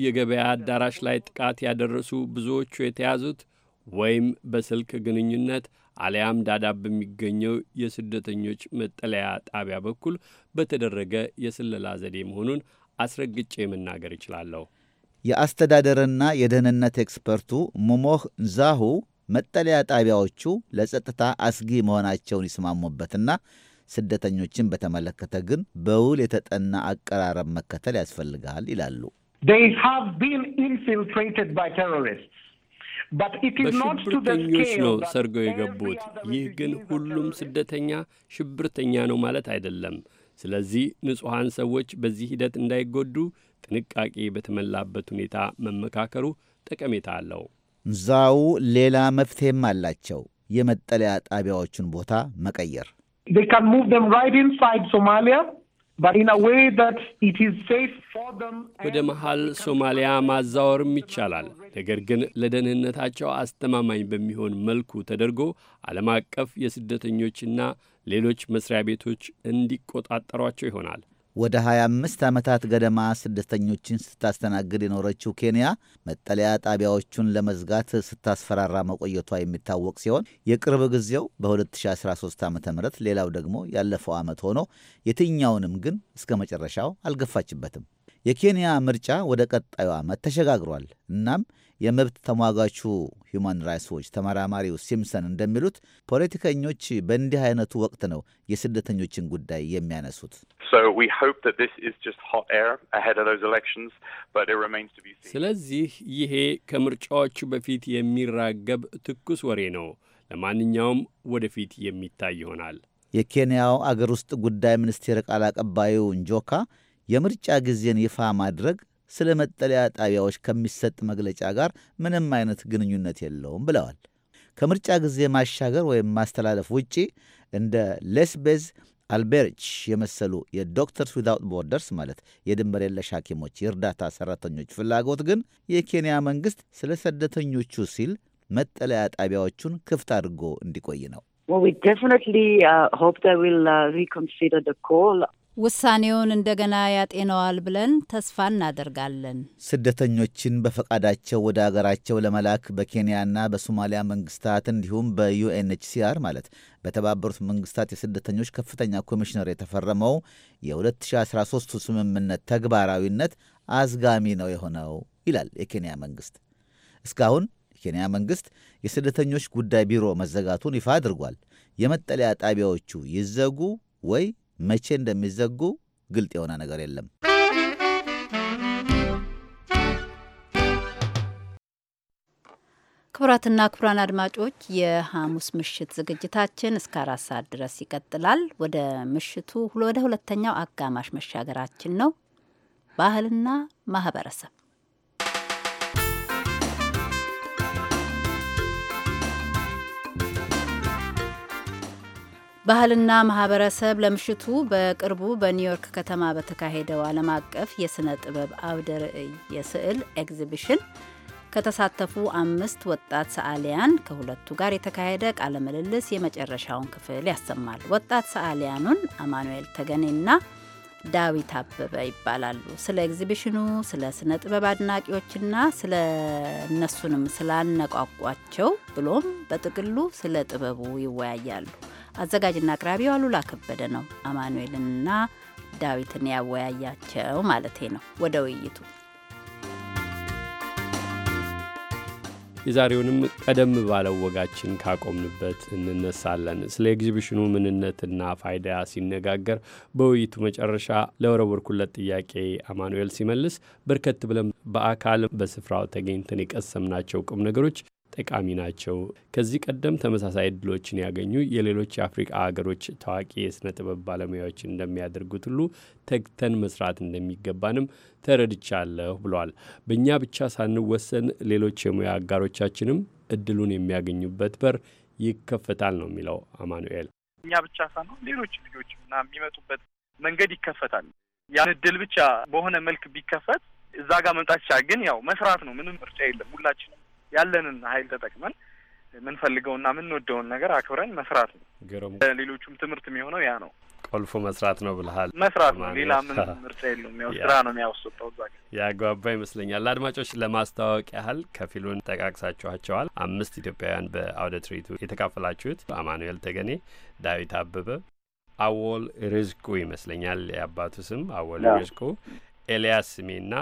የገበያ አዳራሽ ላይ ጥቃት ያደረሱ ብዙዎቹ የተያዙት ወይም በስልክ ግንኙነት አሊያም ዳዳብ በሚገኘው የስደተኞች መጠለያ ጣቢያ በኩል በተደረገ የስለላ ዘዴ መሆኑን አስረግጬ መናገር እችላለሁ። የአስተዳደርና የደህንነት ኤክስፐርቱ ሙሞህ ዛሁ መጠለያ ጣቢያዎቹ ለጸጥታ አስጊ መሆናቸውን ይስማሙበትና ስደተኞችን በተመለከተ ግን በውል የተጠና አቀራረብ መከተል ያስፈልጋል ይላሉ። በሽብርተኞች ነው ሰርገው የገቡት። ይህ ግን ሁሉም ስደተኛ ሽብርተኛ ነው ማለት አይደለም። ስለዚህ ንጹሐን ሰዎች በዚህ ሂደት እንዳይጎዱ ጥንቃቄ በተሞላበት ሁኔታ መመካከሩ ጠቀሜታ አለው። ዛው ሌላ መፍትሄም አላቸው። የመጠለያ ጣቢያዎቹን ቦታ መቀየር ወደ መሃል ሶማሊያ ማዛወርም ይቻላል። ነገር ግን ለደህንነታቸው አስተማማኝ በሚሆን መልኩ ተደርጎ ዓለም አቀፍ የስደተኞችና ሌሎች መስሪያ ቤቶች እንዲቆጣጠሯቸው ይሆናል። ወደ 25 ዓመታት ገደማ ስደተኞችን ስታስተናግድ የኖረችው ኬንያ መጠለያ ጣቢያዎቹን ለመዝጋት ስታስፈራራ መቆየቷ የሚታወቅ ሲሆን የቅርብ ጊዜው በ2013 ዓ ም ሌላው ደግሞ ያለፈው ዓመት ሆኖ የትኛውንም ግን እስከ መጨረሻው አልገፋችበትም። የኬንያ ምርጫ ወደ ቀጣዩ ዓመት ተሸጋግሯል። እናም የመብት ተሟጋቹ ሁማን ራይትስ ዎች ተመራማሪው ሲምሰን እንደሚሉት ፖለቲከኞች በእንዲህ አይነቱ ወቅት ነው የስደተኞችን ጉዳይ የሚያነሱት። ስለዚህ ይሄ ከምርጫዎቹ በፊት የሚራገብ ትኩስ ወሬ ነው። ለማንኛውም ወደፊት የሚታይ ይሆናል። የኬንያው አገር ውስጥ ጉዳይ ሚኒስቴር ቃል አቀባዩ እንጆካ የምርጫ ጊዜን ይፋ ማድረግ ስለ መጠለያ ጣቢያዎች ከሚሰጥ መግለጫ ጋር ምንም አይነት ግንኙነት የለውም ብለዋል። ከምርጫ ጊዜ ማሻገር ወይም ማስተላለፍ ውጪ እንደ ሌስቤዝ አልቤርች የመሰሉ የዶክተርስ ዊዛውት ቦርደርስ ማለት የድንበር የለሽ ሐኪሞች የእርዳታ ሠራተኞች ፍላጎት ግን የኬንያ መንግሥት ስለ ስደተኞቹ ሲል መጠለያ ጣቢያዎቹን ክፍት አድርጎ እንዲቆይ ነው። ውሳኔውን እንደገና ያጤነዋል ብለን ተስፋ እናደርጋለን። ስደተኞችን በፈቃዳቸው ወደ አገራቸው ለመላክ በኬንያና በሶማሊያ መንግስታት እንዲሁም በዩኤንኤችሲአር ማለት በተባበሩት መንግስታት የስደተኞች ከፍተኛ ኮሚሽነር የተፈረመው የ 2013 ስምምነት ተግባራዊነት አዝጋሚ ነው የሆነው ይላል የኬንያ መንግስት። እስካሁን የኬንያ መንግስት የስደተኞች ጉዳይ ቢሮ መዘጋቱን ይፋ አድርጓል። የመጠለያ ጣቢያዎቹ ይዘጉ ወይ መቼ እንደሚዘጉ ግልጥ የሆነ ነገር የለም። ክቡራትና ክቡራን አድማጮች የሐሙስ ምሽት ዝግጅታችን እስከ አራት ሰዓት ድረስ ይቀጥላል። ወደ ምሽቱ ወደ ሁለተኛው አጋማሽ መሻገራችን ነው። ባህልና ማህበረሰብ ባህልና ማህበረሰብ ለምሽቱ በቅርቡ በኒውዮርክ ከተማ በተካሄደው ዓለም አቀፍ የሥነ ጥበብ አውደ ርዕይ የስዕል ኤግዚቢሽን ከተሳተፉ አምስት ወጣት ሰዓሊያን ከሁለቱ ጋር የተካሄደ ቃለ ምልልስ የመጨረሻውን ክፍል ያሰማል። ወጣት ሰዓሊያኑን አማኑኤል ተገኔና ዳዊት አበበ ይባላሉ። ስለ ኤግዚቢሽኑ፣ ስለ ስነ ጥበብ አድናቂዎችና ስለ እነሱንም ስላነቋቋቸው ብሎም በጥቅሉ ስለ ጥበቡ ይወያያሉ። አዘጋጅና አቅራቢው አሉላ ከበደ ነው። አማኑኤልንና ዳዊትን ያወያያቸው ማለቴ ነው። ወደ ውይይቱ የዛሬውንም ቀደም ባለው ወጋችን ካቆምንበት እንነሳለን። ስለ ኤግዚቢሽኑ ምንነትና ፋይዳ ሲነጋገር በውይይቱ መጨረሻ ለወረወርኩለት ጥያቄ አማኑኤል ሲመልስ በርከት ብለን በአካል በስፍራው ተገኝተን የቀሰምናቸው ቁም ነገሮች ጠቃሚ ናቸው። ከዚህ ቀደም ተመሳሳይ እድሎችን ያገኙ የሌሎች የአፍሪቃ ሀገሮች ታዋቂ የሥነ ጥበብ ባለሙያዎችን እንደሚያደርጉት ሁሉ ተግተን መስራት እንደሚገባንም ተረድቻለሁ ብሏል። በእኛ ብቻ ሳንወሰን ሌሎች የሙያ አጋሮቻችንም እድሉን የሚያገኙበት በር ይከፈታል ነው የሚለው አማኑኤል። እኛ ብቻ ሳንሆን ሌሎች ልጆች እና የሚመጡበት መንገድ ይከፈታል። ያን እድል ብቻ በሆነ መልክ ቢከፈት እዛ ጋር መምጣት ይቻላል። ግን ያው መስራት ነው። ምንም ምርጫ የለም። ሁላችን ያለንን ኃይል ተጠቅመን የምንፈልገውና የምንወደውን ነገር አክብረን መስራት ነው። ሌሎቹም ትምህርት የሚሆነው ያ ነው። ቆልፎ መስራት ነው ብልሃል። መስራት ነው። ሌላ ምን ምርጫ የለውም። ያው ስራ ነው የሚያወስጠው። እዛ ያግባባ ይመስለኛል። ለአድማጮች ለማስተዋወቅ ያህል ከፊሉን ጠቃቅሳችኋቸዋል። አምስት ኢትዮጵያውያን በአውደ ትርኢቱ የተካፈላችሁት አማኑኤል ተገኔ፣ ዳዊት አበበ፣ አወል ርዝቁ ይመስለኛል የአባቱ ስም አወል ርዝቁ፣ ኤልያስ ስሜና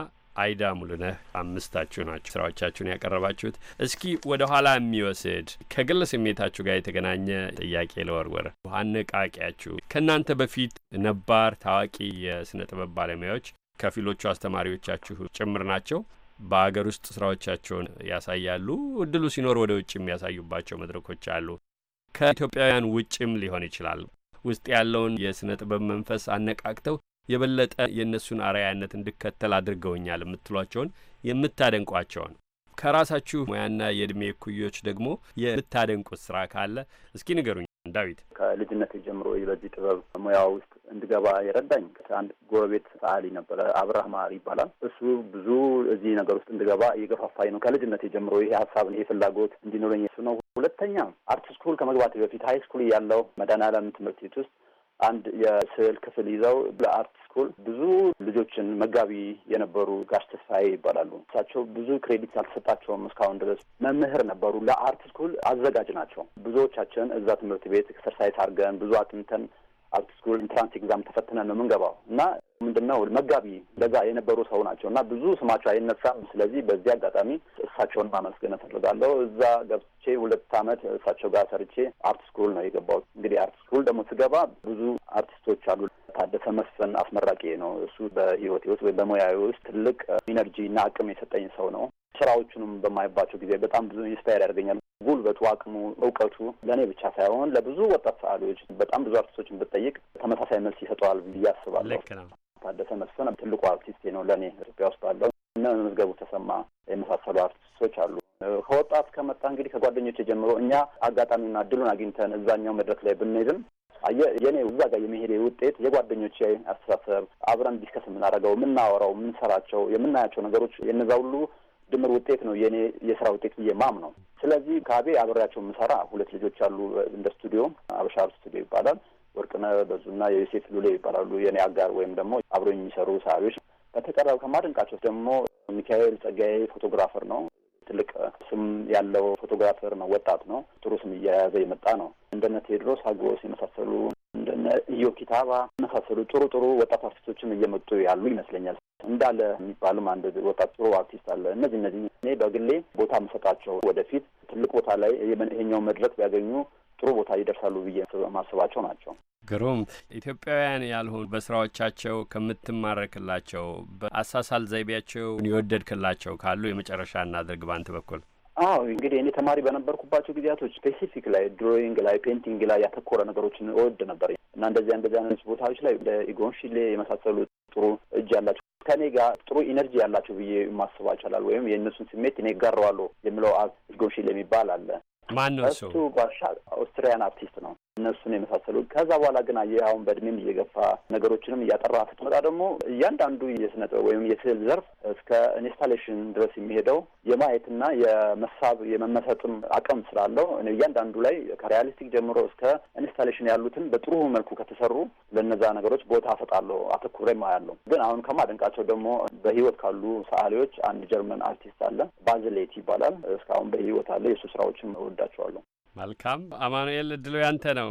አይዳ ሙሉነህ አምስታችሁ ናችሁ ስራዎቻችሁን ያቀረባችሁት። እስኪ ወደ ኋላ የሚወስድ ከግል ስሜታችሁ ጋር የተገናኘ ጥያቄ ለወርወር አነቃቂያችሁ ከእናንተ በፊት ነባር ታዋቂ የስነ ጥበብ ባለሙያዎች ከፊሎቹ አስተማሪዎቻችሁ ጭምር ናቸው። በአገር ውስጥ ስራዎቻቸውን ያሳያሉ። እድሉ ሲኖር ወደ ውጭ የሚያሳዩባቸው መድረኮች አሉ። ከኢትዮጵያውያን ውጭም ሊሆን ይችላል። ውስጥ ያለውን የስነ ጥበብ መንፈስ አነቃቅተው የበለጠ የእነሱን አርአያነት እንድከተል አድርገውኛል የምትሏቸውን የምታደንቋቸውን ከራሳችሁ ሙያና የእድሜ ኩዮች ደግሞ የምታደንቁት ስራ ካለ እስኪ ንገሩኝ። ዳዊት፣ ከልጅነት ጀምሮ በዚህ ጥበብ ሙያ ውስጥ እንድገባ የረዳኝ አንድ ጎረቤት ሰዓሊ ነበረ፣ አብርሃም ማር ይባላል። እሱ ብዙ እዚህ ነገር ውስጥ እንድገባ እየገፋፋኝ ነው። ከልጅነት ጀምሮ ይሄ ሀሳብ ይሄ ፍላጎት እንዲኖረኝ እሱ ነው። ሁለተኛ አርት ስኩል ከመግባት በፊት ሀይ ስኩል እያለሁ መድኃኔዓለም ትምህርት ቤት ውስጥ አንድ የስዕል ክፍል ይዘው ለአርት ስኩል ብዙ ልጆችን መጋቢ የነበሩ ጋሽ ተስፋዬ ይባላሉ። እሳቸው ብዙ ክሬዲት አልተሰጣቸውም እስካሁን ድረስ መምህር ነበሩ። ለአርት ስኩል አዘጋጅ ናቸው። ብዙዎቻችን እዛ ትምህርት ቤት ኤክሰርሳይዝ አድርገን ብዙ አጥንተን አርት ስኩል ኢንትራንስ ኤግዛም ተፈትነን ነው የምንገባው እና ምንድነው መጋቢ ለጋ የነበሩ ሰው ናቸው እና ብዙ ስማቸው አይነሳም። ስለዚህ በዚህ አጋጣሚ እሳቸውን ማመስገን እፈልጋለሁ። እዛ ገብቼ ሁለት አመት እሳቸው ጋር ሰርቼ አርት ስኩል ነው የገባሁት። እንግዲህ አርት ስኩል ደግሞ ስገባ ብዙ አርቲስቶች አሉ። ታደሰ መስፍን አስመራቂ ነው። እሱ በህይወቴ ውስጥ ወይም በሙያዊ ውስጥ ትልቅ ኢነርጂ እና አቅም የሰጠኝ ሰው ነው። ስራዎቹንም በማይባቸው ጊዜ በጣም ብዙ ኢንስፓየር ያደርገኛል። ጉልበቱ፣ አቅሙ፣ እውቀቱ ለእኔ ብቻ ሳይሆን ለብዙ ወጣት ሰዓሊዎች፣ በጣም ብዙ አርቲስቶችን ብጠይቅ ተመሳሳይ መልስ ይሰጠዋል ብዬ አስባለሁ። ልክ ነው። ታደሰ መስፍን ትልቁ አርቲስት ነው ለእኔ ኢትዮጵያ ውስጥ አለው። እነ መዝገቡ ተሰማ የመሳሰሉ አርቲስቶች አሉ። ከወጣት ከመጣ እንግዲህ ከጓደኞች ጀምሮ እኛ አጋጣሚና እድሉን አግኝተን እዛኛው መድረክ ላይ ብንሄድም አየ የኔ እዛ ጋር የመሄዴ ውጤት የጓደኞች አስተሳሰብ፣ አብረን ዲስከስ የምናደርገው፣ የምናወራው፣ የምንሰራቸው፣ የምናያቸው ነገሮች የነዛ ሁሉ ድምር ውጤት ነው የእኔ የስራ ውጤት ብዬ ማም ነው። ስለዚህ ከአቤ አብሬያቸው የምሰራ ሁለት ልጆች አሉ። እንደ ስቱዲዮ አበሻር ስቱዲዮ ይባላል። ፈጥነ በዙና የዩሴፍ ሉሌ ይባላሉ የኔ አጋር ወይም ደግሞ አብሮ የሚሰሩ ሰዓሊዎች። በተቀረብ ከማደንቃቸው ደግሞ ሚካኤል ጸጋዬ ፎቶግራፈር ነው። ትልቅ ስም ያለው ፎቶግራፈር ነው። ወጣት ነው። ጥሩ ስም እየያዘ የመጣ ነው። እንደነ ቴድሮስ አጎስ የመሳሰሉ እንደነ ኢዮ ኪታባ የመሳሰሉ ጥሩ ጥሩ ወጣት አርቲስቶችም እየመጡ ያሉ ይመስለኛል። እንዳለ የሚባሉም አንድ ወጣት ጥሩ አርቲስት አለ። እነዚህ እነዚህ እኔ በግሌ ቦታ የምሰጣቸው ወደፊት ትልቅ ቦታ ላይ ይሄኛው መድረክ ቢያገኙ ጥሩ ቦታ ይደርሳሉ ብዬ ማስባቸው ናቸው። ግሩም ኢትዮጵያውያን ያልሆኑ በስራዎቻቸው ከምትማረክላቸው በአሳሳል ዘይቤያቸው የወደድክላቸው ካሉ የመጨረሻ እናድርግ ባንተ በኩል። አዎ እንግዲህ እኔ ተማሪ በነበርኩባቸው ጊዜያቶች ስፔሲፊክ ላይ ድሮይንግ ላይ ፔንቲንግ ላይ ያተኮረ ነገሮችን እወድ ነበር እና እንደዚያ እንደዚያ አይነት ቦታዎች ላይ እንደ ኢጎን የመሳሰሉ ጥሩ እጅ ያላቸው ከኔ ጋር ጥሩ ኢነርጂ ያላቸው ብዬ ማስባቸላል ወይም የእነሱን ስሜት እኔ ጋረዋለሁ የሚለው አብ ሺሌ የሚባል አለ ማን ነው እሱ? ባሻል አውስትሪያን አርቲስት ነው። እነሱን የመሳሰሉ ከዛ በኋላ ግን አሁን በእድሜም እየገፋ ነገሮችንም እያጠራ ስትመጣ ደግሞ እያንዳንዱ የስነ ጥበብ ወይም የስዕል ዘርፍ እስከ ኢንስታሌሽን ድረስ የሚሄደው የማየትና የመሳብ የመመሰጥም አቅም ስላለው እያንዳንዱ ላይ ከሪያሊስቲክ ጀምሮ እስከ ኢንስታሌሽን ያሉትን በጥሩ መልኩ ከተሰሩ ለነዛ ነገሮች ቦታ እሰጣለሁ፣ አተኩሬ አያለሁ። ግን አሁን ከማደንቃቸው ደግሞ በህይወት ካሉ ሰዓሊዎች አንድ ጀርመን አርቲስት አለ፣ ባዝሌት ይባላል። እስካሁን በህይወት አለ። የእሱ ስራዎችም ወዳቸዋለሁ። መልካም አማኑኤል፣ እድሎ ያንተ ነው።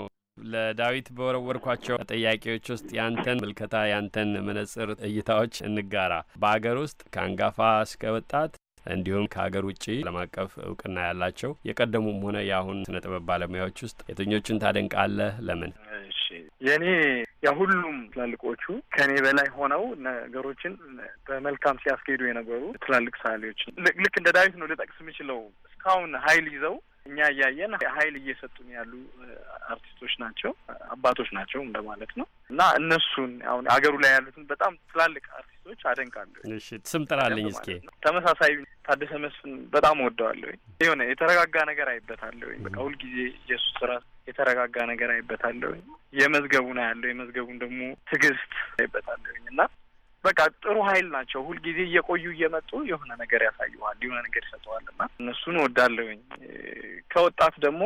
ለዳዊት በወረወርኳቸው ጥያቄዎች ውስጥ ያንተን ምልከታ ያንተን መነጽር እይታዎች እንጋራ። በአገር ውስጥ ከአንጋፋ እስከ ወጣት እንዲሁም ከሀገር ውጭ ዓለም አቀፍ እውቅና ያላቸው የቀደሙም ሆነ የአሁን ስነ ጥበብ ባለሙያዎች ውስጥ የትኞቹን ታደንቃለህ? ለምን? እሺ የእኔ የሁሉም ትላልቆቹ ከኔ በላይ ሆነው ነገሮችን በመልካም ሲያስኬዱ የነበሩ ትላልቅ ሰዓሊዎች ልክ እንደ ዳዊት ነው ልጠቅስ የምችለው እስካሁን ኃይል ይዘው እኛ እያየን ኃይል እየሰጡን ያሉ አርቲስቶች ናቸው፣ አባቶች ናቸው እንደማለት ነው። እና እነሱን አሁን አገሩ ላይ ያሉትን በጣም ትላልቅ አርቲስቶች አደንቃለሁ። ስም ጥራልኝ እስኪ። ተመሳሳይ ታደሰ መስፍን በጣም ወደዋለሁ። የሆነ የተረጋጋ ነገር አይበታለሁ። በቃ ሁልጊዜ የእሱ ስራ የተረጋጋ ነገር አይበታለሁ። የመዝገቡን አያለሁ። የመዝገቡን ደግሞ ትዕግስት አይበታለሁኝ እና በቃ ጥሩ ኃይል ናቸው። ሁልጊዜ እየቆዩ እየመጡ የሆነ ነገር ያሳየዋል፣ የሆነ ነገር ይሰጠዋል እና እነሱን ወዳለሁኝ። ከወጣት ደግሞ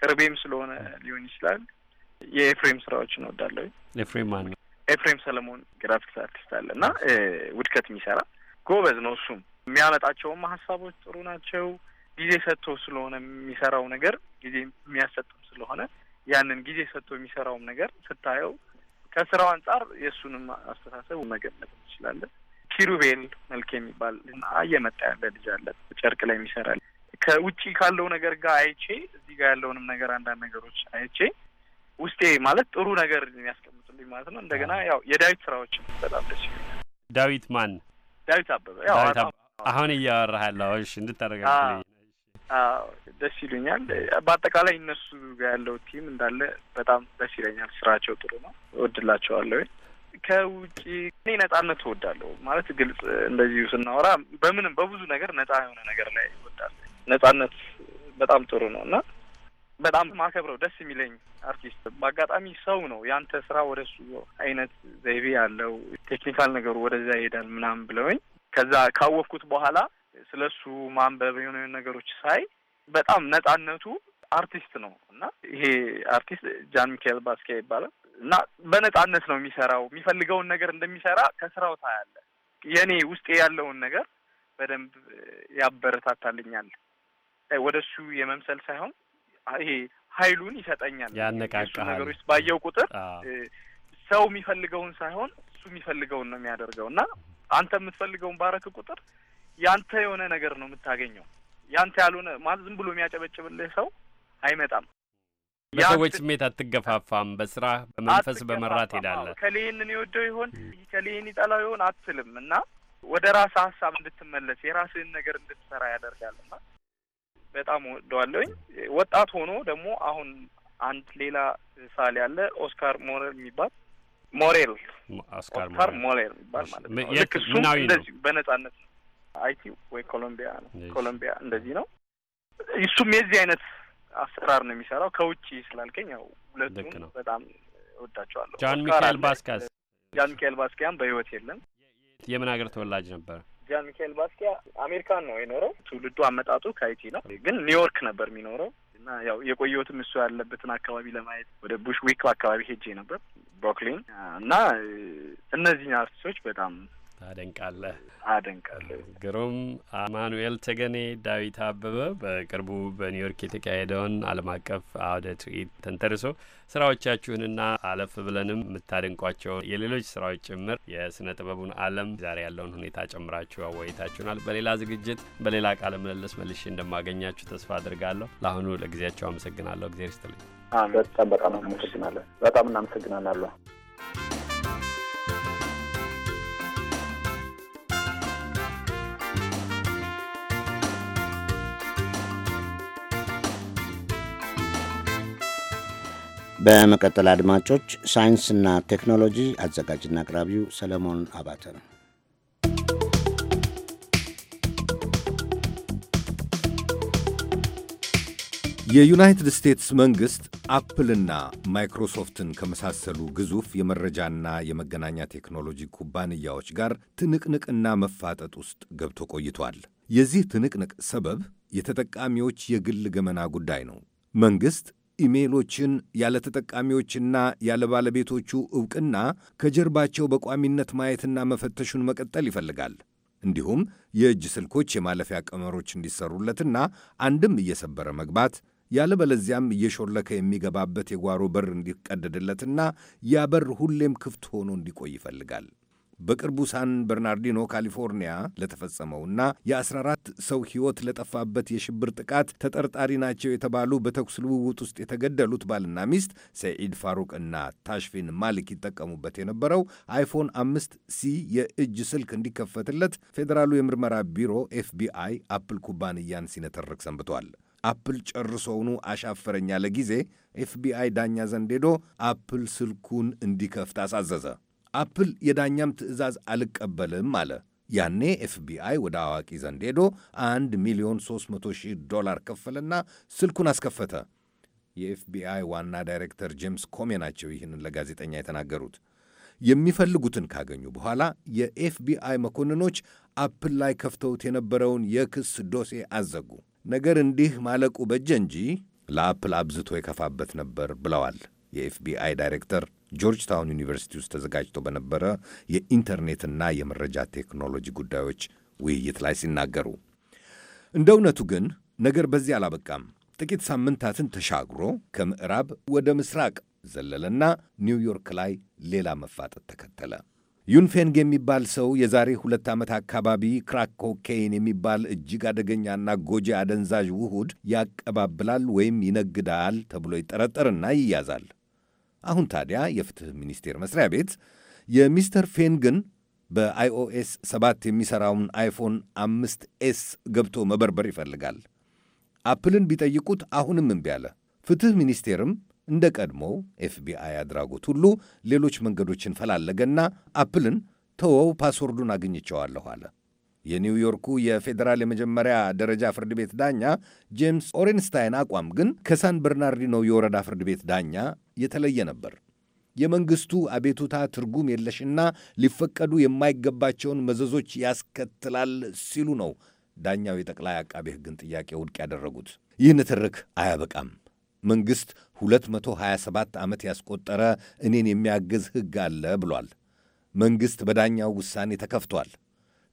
ቅርቤም ስለሆነ ሊሆን ይችላል የኤፍሬም ስራዎችን ወዳለውኝ። ኤፍሬም ማን ነው? ኤፍሬም ሰለሞን ግራፊክስ አርቲስት አለ እና ውድከት የሚሰራ ጎበዝ ነው። እሱም የሚያመጣቸውም ሀሳቦች ጥሩ ናቸው። ጊዜ ሰጥቶ ስለሆነ የሚሰራው ነገር ጊዜ የሚያሰጥም ስለሆነ ያንን ጊዜ ሰጥቶ የሚሰራውም ነገር ስታየው ከስራው አንጻር የእሱንም አስተሳሰብ መገመት እንችላለን። ኪሩቤል መልክ የሚባል እየመጣ ያለ ልጅ አለ፣ ጨርቅ ላይ የሚሰራ ከውጭ ካለው ነገር ጋር አይቼ እዚህ ጋር ያለውንም ነገር አንዳንድ ነገሮች አይቼ ውስጤ ማለት ጥሩ ነገር የሚያስቀምጡልኝ ማለት ነው። እንደገና ያው የዳዊት ስራዎች በጣም ደስ ይለኛል። ዳዊት ማን? ዳዊት አበበ። ያው አሁን እያወራህ ያለሽ ደስ ይሉኛል። በአጠቃላይ እነሱ ጋር ያለው ቲም እንዳለ በጣም ደስ ይለኛል። ስራቸው ጥሩ ነው፣ እወድላቸዋለሁ። ከውጭ እኔ ነጻነት እወዳለሁ ማለት ግልጽ፣ እንደዚሁ ስናወራ በምንም በብዙ ነገር ነጻ የሆነ ነገር ላይ እወዳለሁ። ነጻነት በጣም ጥሩ ነው እና በጣም ማከብረው ደስ የሚለኝ አርቲስት በአጋጣሚ ሰው ነው። ያንተ ስራ ወደ እሱ አይነት ዘይቤ ያለው ቴክኒካል ነገሩ ወደዚያ ይሄዳል ምናምን ብለውኝ ከዛ ካወቅኩት በኋላ ስለ እሱ ማንበብ የሆነ ነገሮች ሳይ በጣም ነጻነቱ አርቲስት ነው እና ይሄ አርቲስት ጃን ሚካኤል ባስኪያ ይባላል እና በነጻነት ነው የሚሰራው። የሚፈልገውን ነገር እንደሚሰራ ከስራው ታያለ። የእኔ ውስጤ ያለውን ነገር በደንብ ያበረታታልኛል። ወደ እሱ የመምሰል ሳይሆን ይሄ ኃይሉን ይሰጠኛል። ያነቃቃል። ነገሮች ባየው ቁጥር ሰው የሚፈልገውን ሳይሆን እሱ የሚፈልገውን ነው የሚያደርገው እና አንተ የምትፈልገውን ባረክ ቁጥር ያንተ የሆነ ነገር ነው የምታገኘው። ያንተ ያልሆነ ማለት ዝም ብሎ የሚያጨበጭብልህ ሰው አይመጣም። በሰዎች ስሜት አትገፋፋም። በስራ በመንፈስ በመራት ሄዳለህ። ከሌህንን የወደው ይሆን ከሌህን ይጠላው ይሆን አትልም እና ወደ ራስ ሀሳብ እንድትመለስ የራስህን ነገር እንድትሰራ ያደርጋል ያደርጋልና በጣም ወደዋለሁኝ። ወጣት ሆኖ ደግሞ አሁን አንድ ሌላ ሳል ያለ ኦስካር ሞሬል የሚባል ሞሬል ኦስካር ሞሬል የሚባል ማለት ነው። ልክ እሱም እንደዚሁ በነጻነት ነው አይቲ ወይ ኮሎምቢያ ነው ኮሎምቢያ እንደዚህ ነው። እሱም የዚህ አይነት አሰራር ነው የሚሰራው። ከውጭ ስላልከኝ ያው ሁለቱም በጣም እወዳቸዋለሁ። ጃን ሚካኤል ባስኪያስ ጃን ሚካኤል ባስኪያም በህይወት የለም። የምን ሀገር ተወላጅ ነበር? ጃን ሚካኤል ባስኪያ አሜሪካን ነው የኖረው። ትውልዱ አመጣጡ ከአይቲ ነው፣ ግን ኒውዮርክ ነበር የሚኖረው እና ያው የቆየሁትም እሱ ያለበትን አካባቢ ለማየት ወደ ቡሽ ዊክ አካባቢ ሄጄ ነበር፣ ብሩክሊን እና እነዚህ አርቲስቶች በጣም አደንቃለህ አደንቃለሁ። ግሩም አማኑኤል ተገኔ፣ ዳዊት አበበ በቅርቡ በኒውዮርክ የተካሄደውን ዓለም አቀፍ አውደ ትርኢት ተንተርሶ ስራዎቻችሁንና አለፍ ብለንም የምታደንቋቸው የሌሎች ስራዎች ጭምር የስነ ጥበቡን ዓለም ዛሬ ያለውን ሁኔታ ጨምራችሁ አወይታችሁናል። በሌላ ዝግጅት በሌላ ቃለ ምልልስ መልሼ እንደማገኛችሁ ተስፋ አድርጋለሁ። ለአሁኑ ለጊዜያቸው አመሰግናለሁ። እግዜር ይስጥልኝ። በጣም በጣም አመሰግናለን። በጣም እናመሰግናለሁ። በመቀጠል አድማጮች፣ ሳይንስና ቴክኖሎጂ አዘጋጅና አቅራቢው ሰለሞን አባተ ነው። የዩናይትድ ስቴትስ መንግሥት አፕልና ማይክሮሶፍትን ከመሳሰሉ ግዙፍ የመረጃና የመገናኛ ቴክኖሎጂ ኩባንያዎች ጋር ትንቅንቅና መፋጠጥ ውስጥ ገብቶ ቆይቷል። የዚህ ትንቅንቅ ሰበብ የተጠቃሚዎች የግል ገመና ጉዳይ ነው። መንግሥት ኢሜሎችን ያለ ተጠቃሚዎችና ያለ ባለቤቶቹ ዕውቅና ከጀርባቸው በቋሚነት ማየትና መፈተሹን መቀጠል ይፈልጋል። እንዲሁም የእጅ ስልኮች የማለፊያ ቀመሮች እንዲሰሩለትና አንድም እየሰበረ መግባት ያለበለዚያም እየሾለከ የሚገባበት የጓሮ በር እንዲቀደድለትና ያ በር ሁሌም ክፍት ሆኖ እንዲቆይ ይፈልጋል። በቅርቡ ሳን በርናርዲኖ ካሊፎርኒያ ለተፈጸመውና የ14 ሰው ሕይወት ለጠፋበት የሽብር ጥቃት ተጠርጣሪ ናቸው የተባሉ በተኩስ ልውውጥ ውስጥ የተገደሉት ባልና ሚስት ሰዒድ ፋሩቅ እና ታሽፊን ማሊክ ይጠቀሙበት የነበረው አይፎን አምስት ሲ የእጅ ስልክ እንዲከፈትለት ፌዴራሉ የምርመራ ቢሮ ኤፍቢአይ አፕል ኩባንያን ሲነተርክ ሰንብቷል። አፕል ጨርሶውኑ አሻፈረኛ ያለ ጊዜ ኤፍቢአይ ዳኛ ዘንድ ሄዶ አፕል ስልኩን እንዲከፍት አሳዘዘ። አፕል የዳኛም ትዕዛዝ አልቀበልም አለ። ያኔ ኤፍቢአይ ወደ አዋቂ ዘንድ ሄዶ 1 ሚሊዮን 300 ሺህ ዶላር ከፈለና ስልኩን አስከፈተ። የኤፍቢአይ ዋና ዳይሬክተር ጄምስ ኮሜ ናቸው ይህንን ለጋዜጠኛ የተናገሩት። የሚፈልጉትን ካገኙ በኋላ የኤፍቢአይ መኮንኖች አፕል ላይ ከፍተውት የነበረውን የክስ ዶሴ አዘጉ። ነገር እንዲህ ማለቁ በጀ እንጂ ለአፕል አብዝቶ የከፋበት ነበር ብለዋል የኤፍቢአይ ዳይሬክተር ጆርጅ ታውን ዩኒቨርሲቲ ውስጥ ተዘጋጅቶ በነበረ የኢንተርኔትና የመረጃ ቴክኖሎጂ ጉዳዮች ውይይት ላይ ሲናገሩ እንደ እውነቱ ግን ነገር በዚህ አላበቃም። ጥቂት ሳምንታትን ተሻግሮ ከምዕራብ ወደ ምስራቅ ዘለለና ኒውዮርክ ላይ ሌላ መፋጠጥ ተከተለ። ዩንፌንግ የሚባል ሰው የዛሬ ሁለት ዓመት አካባቢ ክራክ ኮኬይን የሚባል እጅግ አደገኛና ጎጂ አደንዛዥ ውሁድ ያቀባብላል ወይም ይነግዳል ተብሎ ይጠረጠርና ይያዛል። አሁን ታዲያ የፍትህ ሚኒስቴር መስሪያ ቤት የሚስተር ፌንግን በአይኦኤስ 7 የሚሠራውን አይፎን አምስት ኤስ ገብቶ መበርበር ይፈልጋል። አፕልን ቢጠይቁት አሁንም እምቢ አለ። ፍትህ ሚኒስቴርም እንደ ቀድሞው ኤፍቢአይ አድራጎት ሁሉ ሌሎች መንገዶችን ፈላለገና አፕልን ተወው፣ ፓስወርዱን አግኝቸዋለሁ አለ። የኒውዮርኩ የፌዴራል የመጀመሪያ ደረጃ ፍርድ ቤት ዳኛ ጄምስ ኦሬንስታይን አቋም ግን ከሳን በርናርዲኖ የወረዳ ፍርድ ቤት ዳኛ የተለየ ነበር። የመንግሥቱ አቤቱታ ትርጉም የለሽና ሊፈቀዱ የማይገባቸውን መዘዞች ያስከትላል ሲሉ ነው ዳኛው የጠቅላይ አቃቤ ሕግን ጥያቄ ውድቅ ያደረጉት። ይህን ትርክ አያበቃም። መንግሥት 227 ዓመት ያስቆጠረ እኔን የሚያግዝ ሕግ አለ ብሏል። መንግሥት በዳኛው ውሳኔ ተከፍቷል።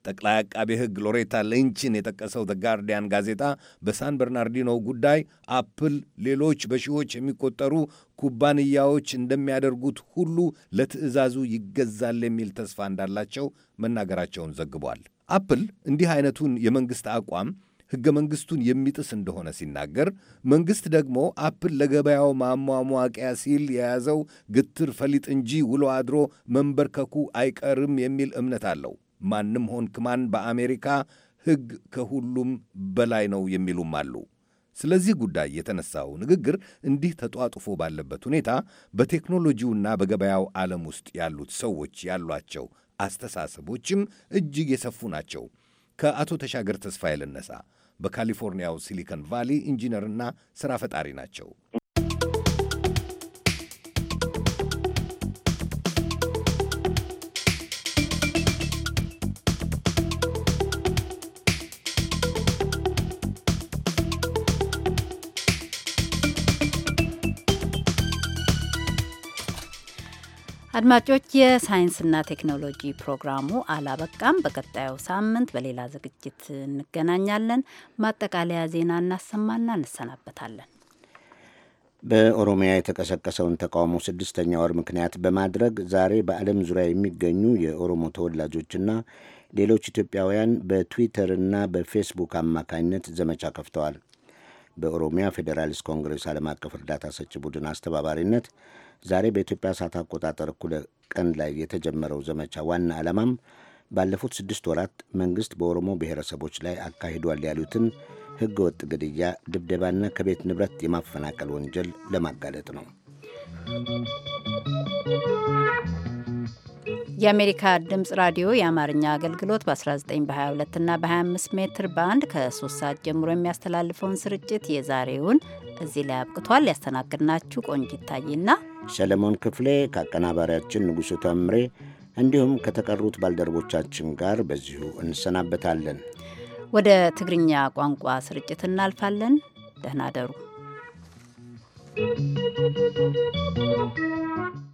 ጠቅላይ አቃቤ ሕግ ሎሬታ ሌንችን የጠቀሰው ዘ ጋርዲያን ጋዜጣ በሳን በርናርዲኖ ጉዳይ አፕል ሌሎች በሺዎች የሚቆጠሩ ኩባንያዎች እንደሚያደርጉት ሁሉ ለትዕዛዙ ይገዛል የሚል ተስፋ እንዳላቸው መናገራቸውን ዘግቧል። አፕል እንዲህ አይነቱን የመንግሥት አቋም ሕገ መንግሥቱን የሚጥስ እንደሆነ ሲናገር መንግሥት ደግሞ አፕል ለገበያው ማሟሟቂያ ሲል የያዘው ግትር ፈሊጥ እንጂ ውሎ አድሮ መንበርከኩ አይቀርም የሚል እምነት አለው። ማንም ሆንክ ማን በአሜሪካ ሕግ ከሁሉም በላይ ነው የሚሉም አሉ። ስለዚህ ጉዳይ የተነሳው ንግግር እንዲህ ተጧጡፎ ባለበት ሁኔታ በቴክኖሎጂውና በገበያው ዓለም ውስጥ ያሉት ሰዎች ያሏቸው አስተሳሰቦችም እጅግ የሰፉ ናቸው። ከአቶ ተሻገር ተስፋዬ ልነሳ። በካሊፎርኒያው ሲሊከን ቫሊ ኢንጂነርና ሥራ ፈጣሪ ናቸው። አድማጮች የሳይንስና ቴክኖሎጂ ፕሮግራሙ አላበቃም። በቀጣዩ ሳምንት በሌላ ዝግጅት እንገናኛለን። ማጠቃለያ ዜና እናሰማና እንሰናበታለን። በኦሮሚያ የተቀሰቀሰውን ተቃውሞ ስድስተኛ ወር ምክንያት በማድረግ ዛሬ በዓለም ዙሪያ የሚገኙ የኦሮሞ ተወላጆችና ሌሎች ኢትዮጵያውያን በትዊተርና በፌስቡክ አማካኝነት ዘመቻ ከፍተዋል። በኦሮሚያ ፌዴራሊስት ኮንግሬስ ዓለም አቀፍ እርዳታ ሰጪ ቡድን አስተባባሪነት ዛሬ በኢትዮጵያ ሰዓት አቆጣጠር እኩለ ቀን ላይ የተጀመረው ዘመቻ ዋና ዓላማም ባለፉት ስድስት ወራት መንግሥት በኦሮሞ ብሔረሰቦች ላይ አካሂዷል ያሉትን ወጥ ግድያ፣ ድብደባና ከቤት ንብረት የማፈናቀል ወንጀል ለማጋለጥ ነው። የአሜሪካ ድምፅ ራዲዮ የአማርኛ አገልግሎት በ19 በ22 እና በ25 ሜትር ባንድ ከ3 ሰዓት ጀምሮ የሚያስተላልፈውን ስርጭት የዛሬውን እዚህ ላይ አብቅቷል። ያስተናግድናችሁ ቆንጅ ይታይና ሰለሞን ክፍሌ ከአቀናባሪያችን ንጉሡ ተምሬ እንዲሁም ከተቀሩት ባልደረቦቻችን ጋር በዚሁ እንሰናበታለን። ወደ ትግርኛ ቋንቋ ስርጭት እናልፋለን። ደህና ደሩ።